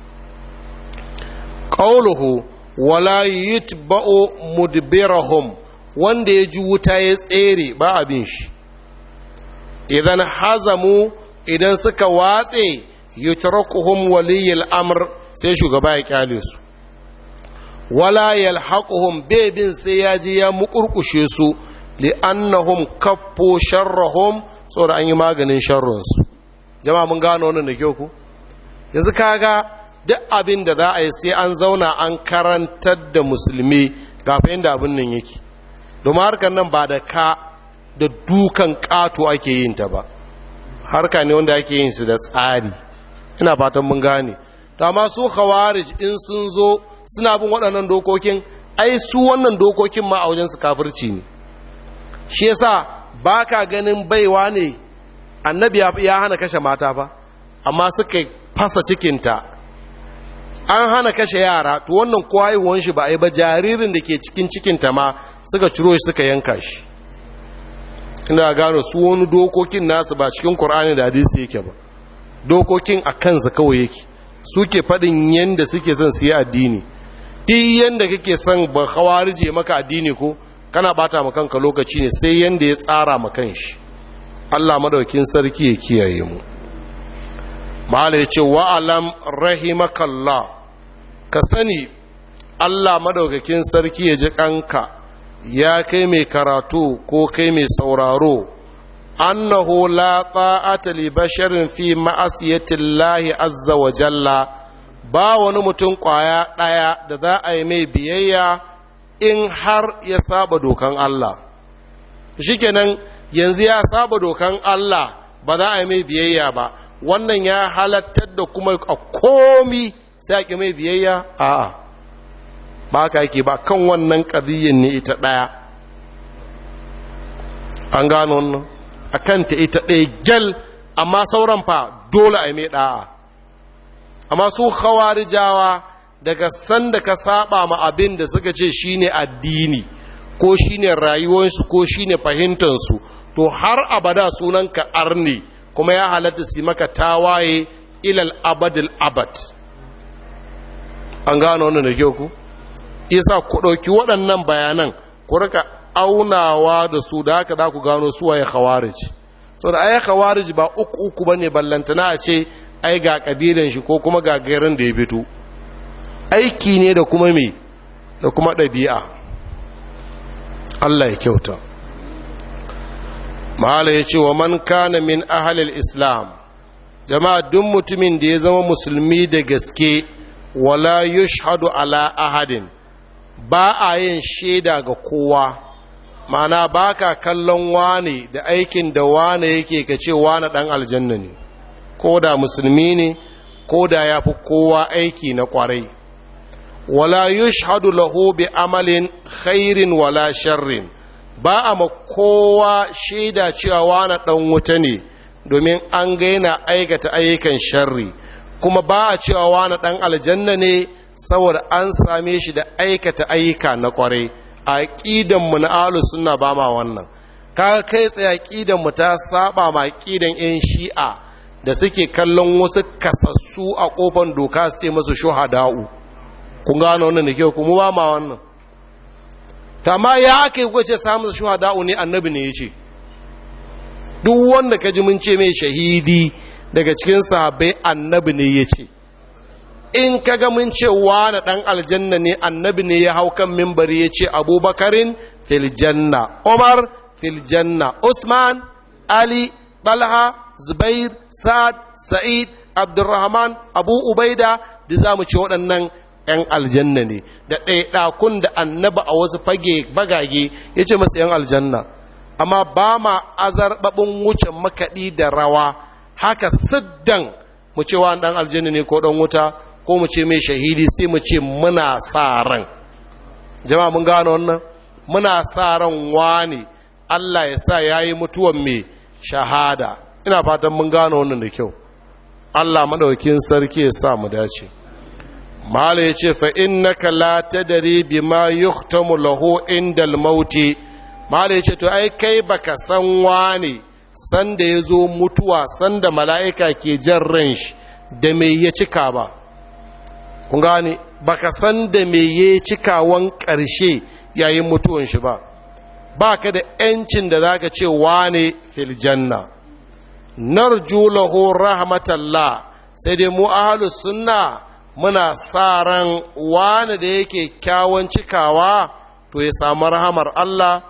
Ƙauluhu wala ba'o mudbirahum wanda ya ji wuta ya tsere ba abin shi idan hazamu idan suka watse yutrakuhum waliyul amr sai shugaba ya kyale su wala yalhaquhum bebin sai ya ji ya mukurkushe su annahum kaffu sharrahum saboda an yi maganin su, jama'a mun gano wannan da kyau ku yanzu kaga duk abin da za a yi sai an zauna an karantar da musulmi kafin da abin nan yake domin harkar nan ba da ka da dukan ƙato ake yin ta ba harka ne wanda ake yin su da tsari ina fatan mun gane dama su khawarij in sun zo suna bin waɗannan dokokin ai su wannan dokokin ma a wajen su kafirci ne shi yasa baka ganin baiwa ne annabi ya hana kashe mata ba amma suka fasa cikinta an hana kashe yara to wannan kowa shi ba a yi ba jaririn da ke cikin cikinta ma suka ciro shi suka yanka shi ina gano su wani dokokin nasu ba cikin ƙur'ani da hadisi yake ba dokokin a kansa kawai yake suke faɗin yadda suke son su yi addini duk yadda kake son ba hawarije maka addini ko kana bata ma kanka lokaci ne sai yadda ya tsara ma kanshi Allah madaukin sarki ya kiyaye mu mala ya ce wa'alam rahimakallah ka sani Allah madaukakin sarki ya ji kanka ya kai mai karatu ko kai mai sauraro annahu la ta'ata li basharin fi ma'asiyati lahi azza wa jalla ba wani mutum kwaya ɗaya da za a yi mai biyayya in har ya saba dokan Allah shikenan yanzu ya saba dokan Allah ba za a yi mai biyayya ba wannan ya halattar da kuma a komi sai a mai biyayya a'a ba ka yake ba kan wannan ƙadiyyar ne ita ɗaya an gano wannan a kanta ita ɗaya gyal amma sauran fa dole a mai ɗa'a amma su jawa daga sanda ka saba ma abin da suka ce shi ne addini ko shi ne rayuwarsu ko shi ne fahimtansu, to har abada sunanka arne kuma ya halatta su maka tawaye ilal abadil abad an gano wannan da kyau ku isa ku ɗauki waɗannan bayanan ku rika aunawa da su da haka za ku gano su waye khawarij so da ai khawarij ba uku uku bane ballantana a ce ai ga kabilan shi ko kuma ga garin da ya fito aiki ne da kuma me da kuma ɗabi'a Allah ya kyauta mahala ya ce wa man kana min ahalil islam jama'a duk mutumin da ya zama musulmi da gaske wala yushhadu ala ahadin ba a yin shaida ga kowa mana ba ka kallon wane da aikin da wane yake ka ce wane ɗan aljanna ne ko da musulmi ne ko da ya fi kowa aiki na kwarai. wala yushhadu lahu bi amalin khairin wala sharrin ba a ma kowa shaida cewa wane ɗan wuta ne domin an gaina aikata ayyukan sharri kuma ba a cewa wane ɗan aljanna ne saboda an same shi da aikata ayyuka na kwarai a ƙidanmu na alu suna ba ma wannan ka kai tsaye ƙidanmu ta saba ma ƙidan 'yan shi'a da suke kallon wasu kasassu a ƙofan doka su ce shuha shuhada'u kun gano wannan da kyau kuma ba ma wannan ta ma ya aka yi kwace samun shuhada'u ne annabi ne ya ce duk wanda ka ji mun ce mai shahidi daga cikin sahabbai annabi ne ya ce in ka ga mun ce wani ɗan aljanna ne annabi ne ya hau kan mimbari ya ce abubakarin filjanna umar filjanna usman ali Balha, zubair sa'ad sa'id abdurrahman abu ubaida da za mu ce waɗannan 'yan aljanna ne da ɗaya ɗakun da annabi a wasu fage bagage ya ce masu 'yan aljanna amma ba ma azarɓaɓin wuce makaɗi da rawa haka siddan mu ce wa ɗan aljanna ne ko ɗan wuta ko mu ce mai shahidi sai mu ce muna sa ran jama'a mun gano wannan muna sa ran wani Allah ya sa yayi mutuwan mai shahada ina fatan mun gano wannan da kyau Allah madaukin sarki ya sa mu dace malai yace fa innaka la tadri bima yuhtamu lahu indal mauti malai yace to ai kai baka san wani sanda ya zo mutuwa sanda mala'ika ke jan ran shi da mai ya cika ba kun gane ka san da me ya cikawan ƙarshe yayin mutuwan shi ba ba ka da 'yancin da za ka ce wane filjanna janna narju lahu rahmatallah sai dai mu ahalu sunna muna sa ran wane da yake kyawun cikawa to ya samu rahamar Allah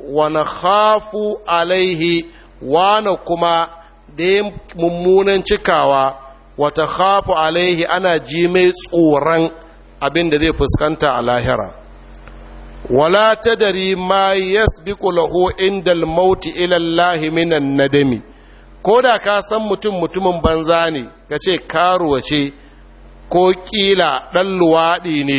wani khafu alaihi wane kuma da mummunan cikawa wata khafu alaihi ana ji mai tsoron abin da zai fuskanta a lahira wala ta dari ma yasbiqu lahu inda al-maut ila Allah minan nadami ko da ka san mutum mutumin banza ne ka ce karuwa ce ko kila ɗan luwaɗi ne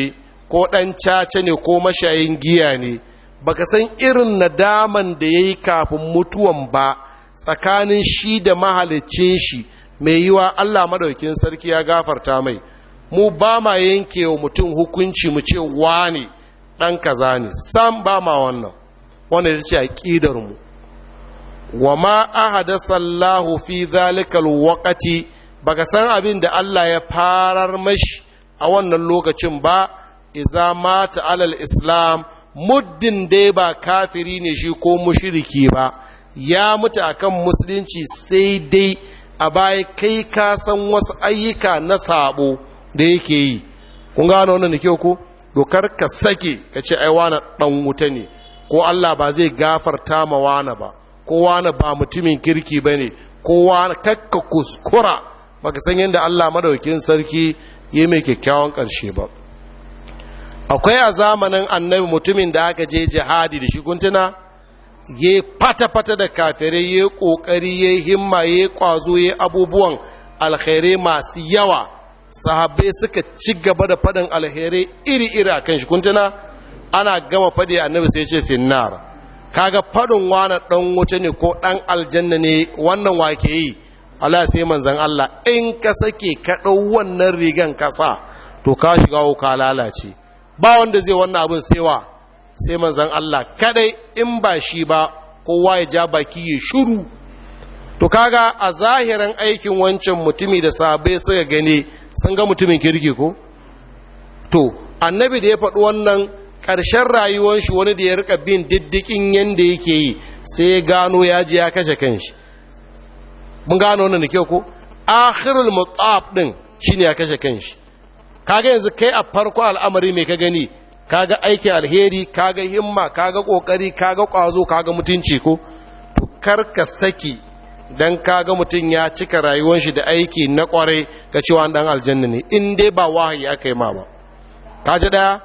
ko ɗan caca ne ko mashayin giya ne baka san irin nadaman da yayi kafin mutuwan ba tsakanin shi da mahalicin shi mai yiwa Allah maɗaukin sarki ya gafarta mai mu ba ma yanke wa mutum hukunci mu ce wane dan kaza ne sam ba ma wannan wanda ya ce a mu wa ma ahadasa Allahu fi zalikal ba ka san abin da Allah ya farar mashi a wannan lokacin ba iza mata alal islam muddin dai ba kafiri ne shi ko mushriki ba ya mutu akan musulunci sai dai a baya kai ka san wasu ayyuka na sabo da yake yi kun gano wannan da kyau ko dokar ka sake ka ce ai wani dan wuta ne ko Allah ba zai gafarta ma wani ba ko wani ba mutumin kirki bane ko wani kakka kuskura baka san yadda Allah madaukin sarki ya mai kyakkyawan karshe ba akwai a zamanin annabi mutumin da aka je jihadi da shi kuntuna ya fata-fata da kafirai ya ƙoƙari ya himma ya ƙwazo ya abubuwan alherai masu yawa sahabbai suka ci gaba da faɗin alherai iri-iri a kan shi ana gama faɗi annabi sai ce finnar kaga faɗin wani ɗan wuce ne ko ɗan aljanna ne wannan wake yi Allah sai manzan Allah in ka sake ka ɗau wannan rigan kasa to ka shiga ka lalace ba wanda zai wannan abin sai wa sai manzan Allah kadai in ba shi ba kowa ya ja baki ya shuru to kaga a zahirin aikin wancan mutumi da sabai suka gane sun ga mutumin kirki ko to annabi da ya faɗi wannan ƙarshen rayuwar shi wani da ya rika bin diddikin yadda yake yi sai ya gano ya ji ya kashe kanshi mun gano wannan da kyau ko akhirul mutab din shine ya kashe kanshi kaga yanzu kai a farko al'amari mai ka gani kaga aikin alheri kaga himma kaga kokari kaga kwazo kaga mutunci ko to karka saki dan kaga mutum ya cika rayuwar shi da aiki na kwarai ka cewa dan aljanna ne in dai ba wahayi aka yi ma ba kaji daya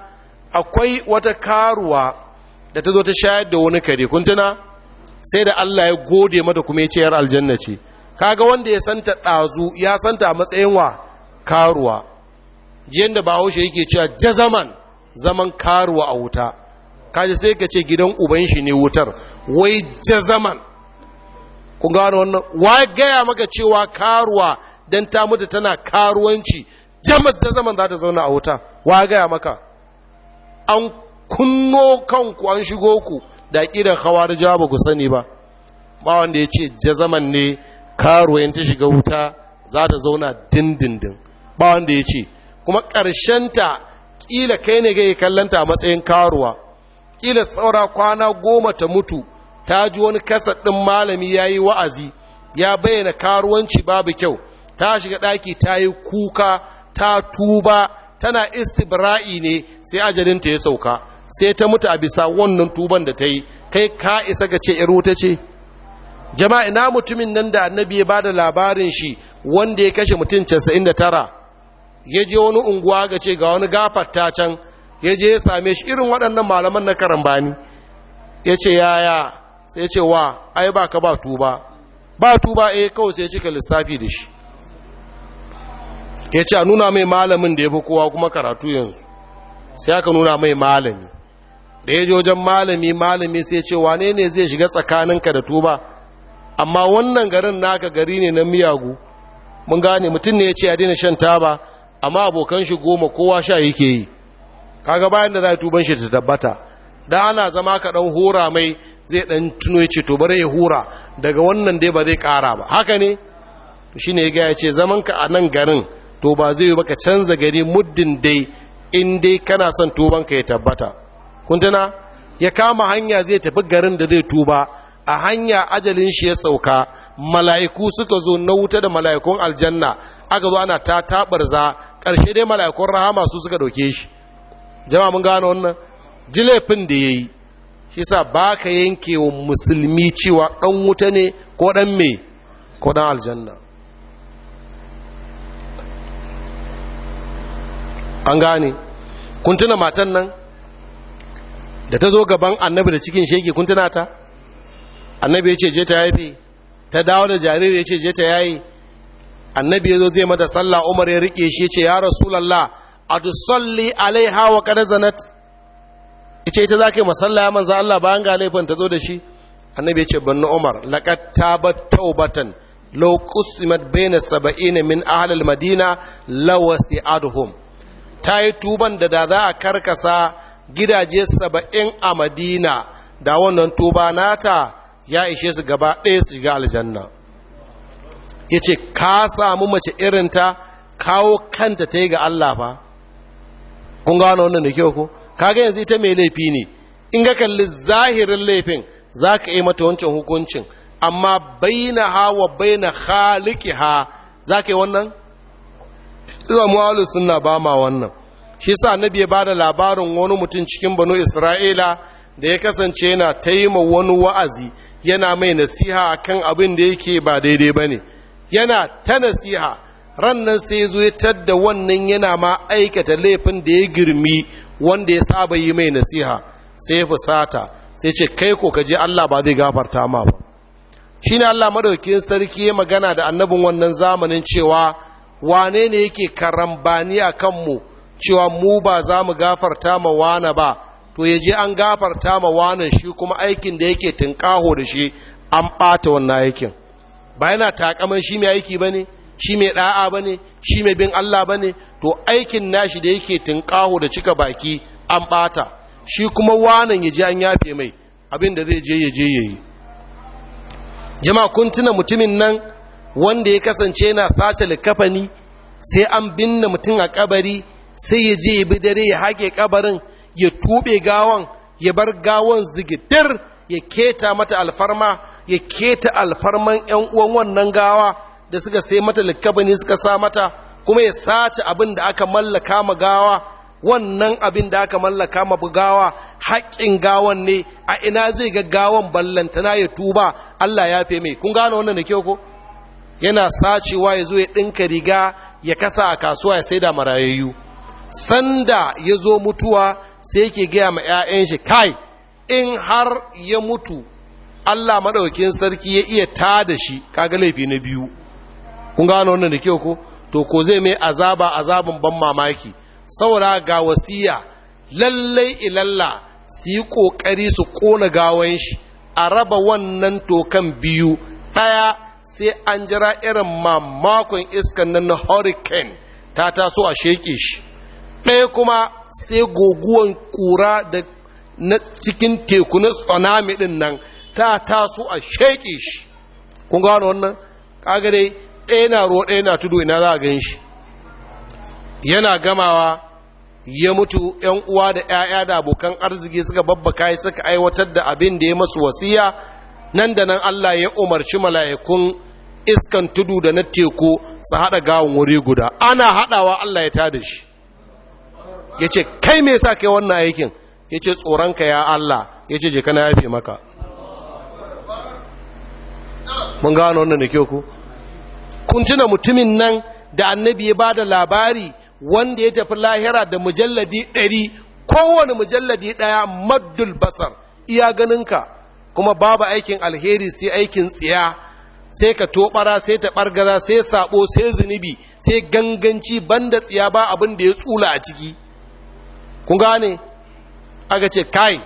akwai wata karuwa da ta zo ta shayar da wani kare kun tuna sai da Allah ya gode mata kuma ya ce yar aljanna ce kaga wanda ya santa dazu ya santa a matsayin wa karuwa jiyan da bahaushe yake cewa jazaman zaman karuwa a wuta kaji sai ka ce gidan uban shi ne wutar wai jazaman Ku gano wannan wa gaya maka cewa karuwa don ta mutu tana karuwanci jamas jazaman za ta zauna a wuta wa gaya maka an kunno kanku an shigo ku da hawa da jawa ba ku sani ba ba wanda ya ce jazaman ne karuwa ta shiga wuta za ta zauna dindindin ba wanda ya ce kuma ƙarshenta ƙila kai ne ga kallanta a matsayin karuwa ƙila saura kwana goma ta mutu ta ji wani kasa ɗin malami ya yi wa'azi ya bayyana karuwanci babu kyau ta shiga ɗaki ta yi kuka ta tuba tana istibra'i ne sai ajalinta ya sauka sai ta mutu a bisa wannan tuban da ta yi kai ka isa ga ce ta ce jama'a ina mutumin nan da annabi ya ba da labarin shi wanda ya kashe mutum 99 ya je wani unguwa ga ce ga wani gafarta can ya je ya same shi irin waɗannan malaman na karambani ya ce yaya sai ce wa ai ba ka ba tuba ba tuba eh kawai sai cika lissafi da shi ya ce a nuna mai malamin da ya fi kowa kuma karatu yanzu sai aka nuna mai malami da ya wajen malami malami sai ce wane ne zai shiga tsakaninka da tuba amma wannan garin naka gari ne na miyagu mun gane mutum ne ya ce ya daina shan taba amma abokan shi goma kowa sha yake yi kaga bayan da za a tuban shi ta tabbata da ana zama ka ɗan hura mai zai ɗan tuno ya ce to bari ya hura daga wannan dai ba zai ƙara ba haka ne shi ne ga ya ce zaman ka a nan garin to ba zai yi baka canza gari muddin dai in dai kana son tuban ka ya tabbata kun ya kama hanya zai tafi garin da zai tuba a hanya ajalin shi ya sauka mala'iku suka zo na wuta da mala'ikun aljanna aka zo ana ta taɓarza ƙarshe dai mala'ikun rahama su suka ɗauke shi jama'a mun gano wannan jilefin da ya yi shi sa ba ka yanke wa musulmi cewa ɗan wuta ne ko ɗan me ko ɗan aljanna an gane kun tuna matan nan da ta zo gaban annabi da cikin shege kun tuna ta annabi ya ce je ta haife ta dawo da jariri ya ce je ta yayi annabi ya zo zai mata sallah umar ya rike shi ce ya rasulallah a tusalli alaiha wa kada zanat ita ita za ka yi masalla ya manza Allah bayan ga laifin ta zo da shi annabi ya ce bannu umar laqad ba taubatan law qusimat baina saba'ina min ahli madina lawasi adhum ta yi tuban da da za a karkasa gidaje saba'in a madina da wannan tuba nata ya ishe su gaba ɗaya su shiga aljanna ya ce ka samu mace irinta kawo kanta ta yi ga Allah fa kun gano wannan da kyau Ka kaga yanzu ita mai laifi ne in ga kalli zahirin laifin za ka yi mata wancan hukuncin amma baina ha wa baina haliki ha za ka yi wannan zuwa muwalu suna ba ma wannan shi sa annabi ya bada labarin wani mutum cikin banu isra'ila da ya kasance yana taima wani wa'azi yana mai nasiha kan abin da yake ba daidai ba ne yana ta nasiha rannan sai ya zo ya tadda wannan yana ma aikata laifin da ya girmi wanda ya saba yi mai nasiha sai ya fusata sai ce kai ko kaje Allah ba zai gafarta ma ba Shi ne Allah madaukin sarki ya magana da annabin wannan zamanin cewa wane ne yake karambani a kanmu cewa mu ba za mu gafarta ma wane ba to ya je an gafarta ma wane shi kuma aikin da yake tunƙaho da shi an ɓata wannan aikin ba yana takaman shi mai aiki ba ne shi mai ɗa'a ba ne shi mai bin Allah ba ne to aikin nashi da yake tunƙaho da cika baki an ɓata shi kuma wanan ya ji an yafe mai abin da zai je ya je ya yi jama'a kun tuna mutumin nan wanda ya kasance yana sace likafani sai an binne mutum a kabari sai ya je ya bi dare ya hake kabarin ya tuɓe gawan ya bar gawan zigidir ya keta mata alfarma ya keta alfarman yan uwan wannan gawa da suka sai mata likabani suka sa mata kuma ya sace abin da aka mallaka ma gawa wannan abin da aka mallaka ma bugawa haƙƙin gawan ne a ina zai ga gawan ballantana ya tuba Allah ya fe mai kun gane wannan da kyau ko yana sacewa ya zo ya ɗinka riga ya kasa a kasuwa ya saida marayayyu sanda ya zo mutuwa sai yake gaya ma 'ya'yan shi kai in har ya mutu Allah maɗaukin sarki ya iya ta da shi kaga laifi na biyu kun gano wannan da kyau ko to ko zai mai azaba azabin ban mamaki saboda ga wasiya lallai ilalla su yi ƙoƙari su ƙona gawan shi a raba wannan tokan biyu ɗaya sai an jira irin mamakon iskan nan na hurricane ta taso a sheƙe shi ɗaya kuma sai goguwan ƙura da na cikin teku na tsunami din nan ta taso a sheƙe shi kun gano wannan kaga ɗaya na ruwa ɗaya na tudu ina za a gan shi yana gamawa ya mutu ‘yan uwa da ‘ya'ya da abokan arziki suka babbaka ya suka aiwatar da abin da ya masu wasiya nan da nan Allah ya umarci mala'ikun iskan tudu da na teku su haɗa gawon wuri guda ana haɗawa Allah ya tada shi ya ce kai me sa kai wannan aikin ya ce tsoronka ya Allah ya ce jika na yafe maka mun gano wannan da kyau ku kun tuna mutumin nan da annabi ya ba da labari wanda ya tafi lahira da mujalladi ɗari kowane mujalladi ɗaya maddul basar iya ganinka kuma babu aikin alheri sai aikin tsiya sai ka tobara sai ta ɓargaza sai sabo sai zunubi sai ganganci banda tsiya ba abin da ya tsula a ciki kun gane aka ce kai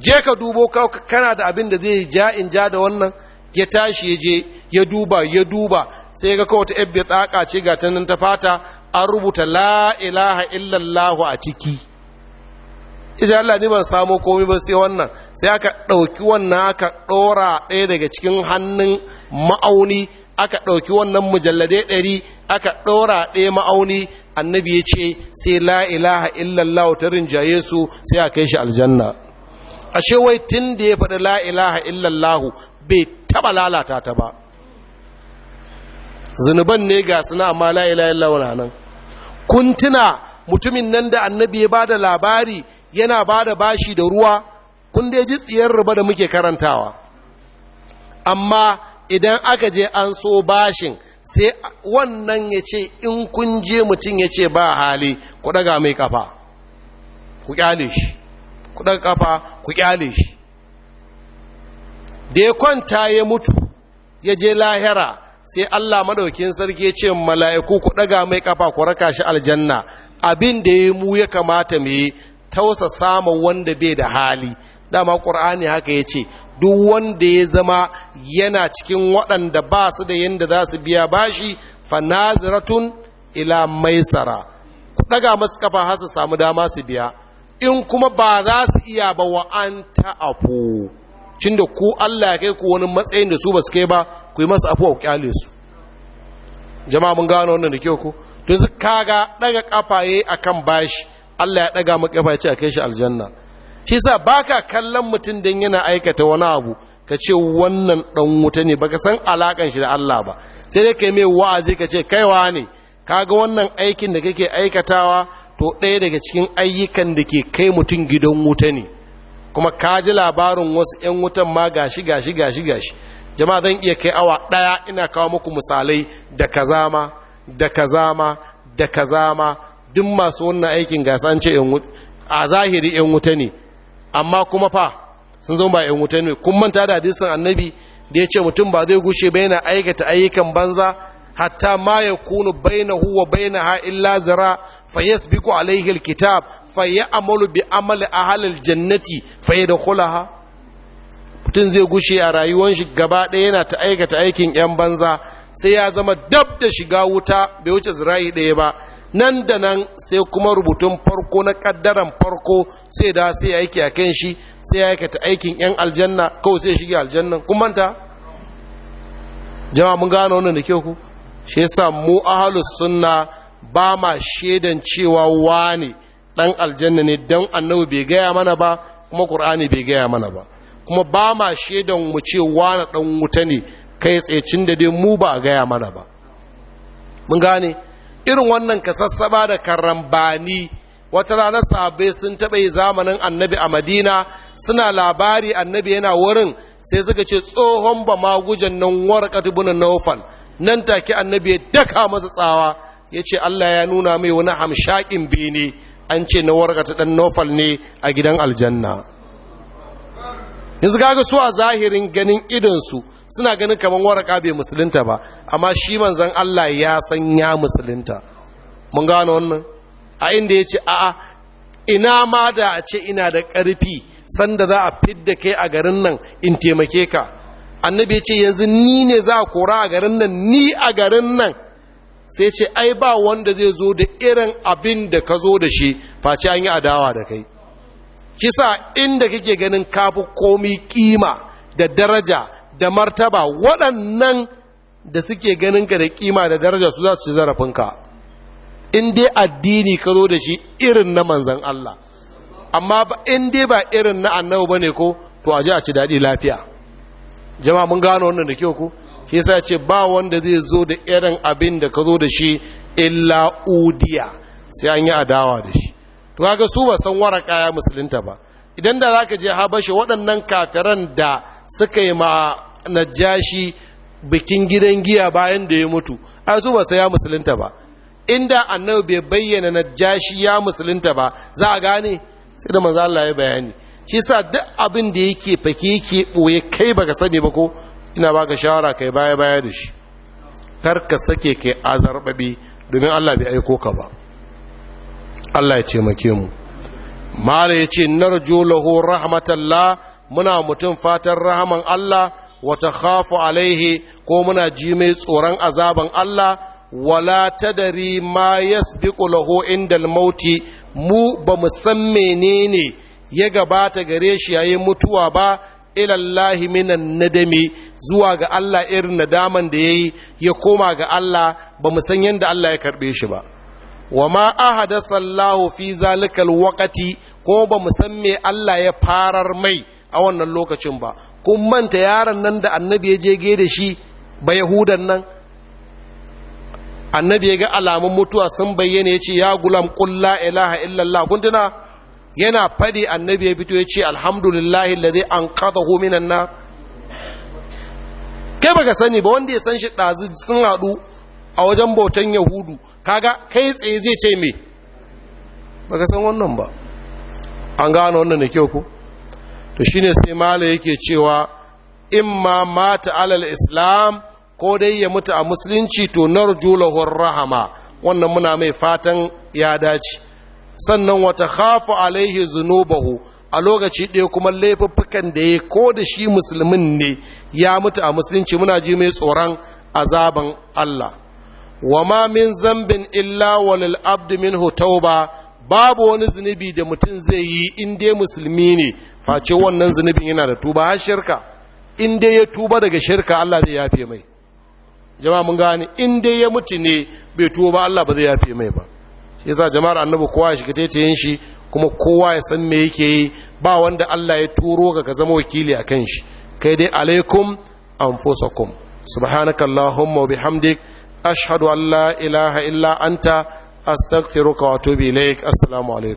je ka dubo kana da abin da zai ja in ja da wannan ya tashi ya je ya duba ya duba sai ga ta yabbe tsaka ce ga ta ta fata an rubuta la ilaha illallah a ciki isha Allah ni ban samo komai ba sai wannan sai aka ɗauki wannan aka ɗora ɗaya daga cikin hannun ma'auni aka ɗauki wannan mujalladai ɗari aka ɗora ɗaya ma'auni annabi ya ce sai la ilaha illallah ta rinjaye su sai a kai shi aljanna ashe wai tun da ya faɗi la ilaha illallah bai taɓa lalata ta ba zunuban ne ga suna amma la ilaha illallah nan kun tuna mutumin nan da annabi ya bada labari yana bada bashi da ruwa kun dai ji tsiyar ruba da muke karantawa amma idan aka je an so bashin sai wannan ya ce in kun je mutum ya ce ba hali ku daga mai kafa ku kyale shi ku daga kafa ku kyale shi da ya kwanta ya mutu ya je lahira sai Allah madaukin sarki ya ce mala'iku ku daga mai kafa ku raka shi aljanna abin da ya mu ya kamata mu tausa samun wanda bai da hali dama ƙur'ani haka ya ce duk wanda ya zama yana cikin waɗanda ba su da yadda za su biya bashi fanaziratun ila maisara ku ɗaga masu kafa har su samu dama su biya in kuma ba za su iya ba wa an ta'afu cin da ku Allah ya kai ku wani matsayin da su ba su kai ba ku yi masu afuwa ku kyale su jama'a mun gano wannan da kyau ku to su kaga ɗaga kafaye akan bashi Allah ya ɗaga maka kafa ya ce a kai shi aljanna shi sa ba ka kallon mutum don yana aikata wani abu ka ce wannan ɗan wuta ne Ba ka san alaƙan shi da Allah ba sai dai ka yi mai wa'azi ka ce kaiwa ne Ka ga wannan aikin da kake aikatawa to ɗaya daga cikin ayyukan da ke kai mutum gidan wuta ne kuma ka ji labarin wasu 'yan wutan ma gashi gashi gashi gashi jama'a zan iya kai awa ɗaya ina kawo muku misalai da kazama da kazama da kazama duk masu wannan aikin gasa an ce a zahiri 'yan wuta ne amma kuma fa sun zama ba yan wuta ne kun manta da hadisin annabi da ya ce mutum ba zai gushe ba yana aikata ayyukan banza hatta ma ya kunu huwa wa ha illa zira fa yasbiqu alayhi alkitab fa ya'malu bi amali ahli aljannati fa yadkhulaha mutum zai gushe a rayuwar shi gaba ɗaya yana ta aikata aikin yan banza sai ya zama dab da shiga wuta bai wuce zira'i ɗaya ba nan da nan sai kuma rubutun farko na kaddaran farko sai da sai ya aiki a kan shi sai ya aikata aikin yan aljanna kawai sai shige aljannan kun manta jama'a mun gano wannan da kyau ku shi yasa mu ahlus sunna ba ma shedan cewa wane dan aljanna ne dan annabi bai gaya mana ba kuma qur'ani bai gaya mana ba kuma ba ma shedan mu ce wane dan wuta ne kai tsaye cin da dai mu ba gaya mana ba mun gane irin wannan kasassaba da karambani wata rana sabai sun taɓa yi zamanin annabi a madina suna labari annabi yana wurin sai suka ce tsohon ba magujan nan war tubunan naufal nan take annabi ya daka masa tsawa ya ce allah ya nuna mai wani hamshakin bene an ce na war ta ɗan naufal ne a gidan aljanna yanzu kaga su a zahirin ganin idonsu suna ganin kamar waraka bai musulunta ba amma shi manzan Allah ya san ya musulunta mun gano wannan a inda ya ce a'a ina ma da a ce ina da ƙarfi sanda za a fidda kai a garin nan in taimake ka annabi ya ce yanzu ni ne za a kora a garin nan ni a garin nan sai ce ai ba wanda zai zo da irin abin da ka zo da shi face an yi adawa da kai kisa inda kake ganin kafi komi kima da daraja da martaba waɗannan da suke ganin ka da kima da daraja su za su ci zarafinka in dai addini ka zo da shi irin na manzan Allah amma in dai ba irin na ba ne ko to a ji a ci daɗi lafiya Jama mun gano wannan da kyau ko shi yasa ce ba wanda zai zo da irin abin da ka zo da shi illa udiya sai an yi adawa da shi to kaga su ba san waraka ya musulunta ba idan da zaka je habasha waɗannan kafiran da suka yi ma najashi bikin gidan giya bayan da ya mutu ai su ba sai ya musulunta ba inda annabi bai bayyana najashi ya musulunta ba za a gane sai da manzo Allah ya bayani shi sa duk abin da yake fake yake boye kai baka sani ba ko ina baka shawara kai baya baya da shi kar ka sake kai azarbabi domin Allah bai aiko ka ba Allah ya ce make mu mala yace narju lahu rahmatallah muna mutum fatan rahaman Allah wata khafu alaihi ko muna ji mai tsoron azaban Allah wala tadari ma yasbiqu lahu indal mauti mu ba mu san menene ya gabata gare shi yayin mutuwa ba ilallahi minan nadami zuwa ga Allah irin nadaman da yayi ya koma ga Allah ba mu san yadda Allah ya karbe shi ba wa ma ahada Sallahu fi zalikal waqati ko ba mu san me Allah ya farar mai a wannan lokacin ba kun manta yaron nan da annabi ya je ge da shi ba yahudan nan annabi ya ga alamun mutuwa sun bayyana ya ce ya gulam kulla ilaha illallah kun yana fadi annabi ya fito ya ce alhamdulillahi an anqadahu minan nar kai baka sani ba wanda ya san shi ɗazu sun haɗu a wajen bautan yahudu kaga kai tsaye zai ce me baka san wannan ba an gano wannan da kyau ko to shine sai mala yake cewa in ma mata alal islam ko dai ya mutu a musulunci to narju lahur rahama wannan muna mai fatan ya dace sannan wata khafu alaihi zunubahu a lokaci ɗaya kuma laifuffukan da ya ko da shi musulmin ne ya mutu a musulunci muna ji mai tsoron azaban Allah wa ma min zambin illa walil abdu minhu tauba babu wani zunubi da mutum zai yi in dai musulmi ne face wannan zunubin yana da tuba har shirka in dai ya tuba daga shirka Allah zai yafe mai jama'a mun gane in ya mutu ne bai tuba ba Allah ba zai yafe mai ba shi yasa jama'ar annabi kowa ya shiga taitayin shi kuma kowa ya san me yake yi ba wanda Allah ya turo ka ka zama wakili a kan shi kai dai alaikum anfusakum allahumma wa bihamdik ashhadu an la ilaha illa anta astaghfiruka wa atubu ilaik assalamu alaikum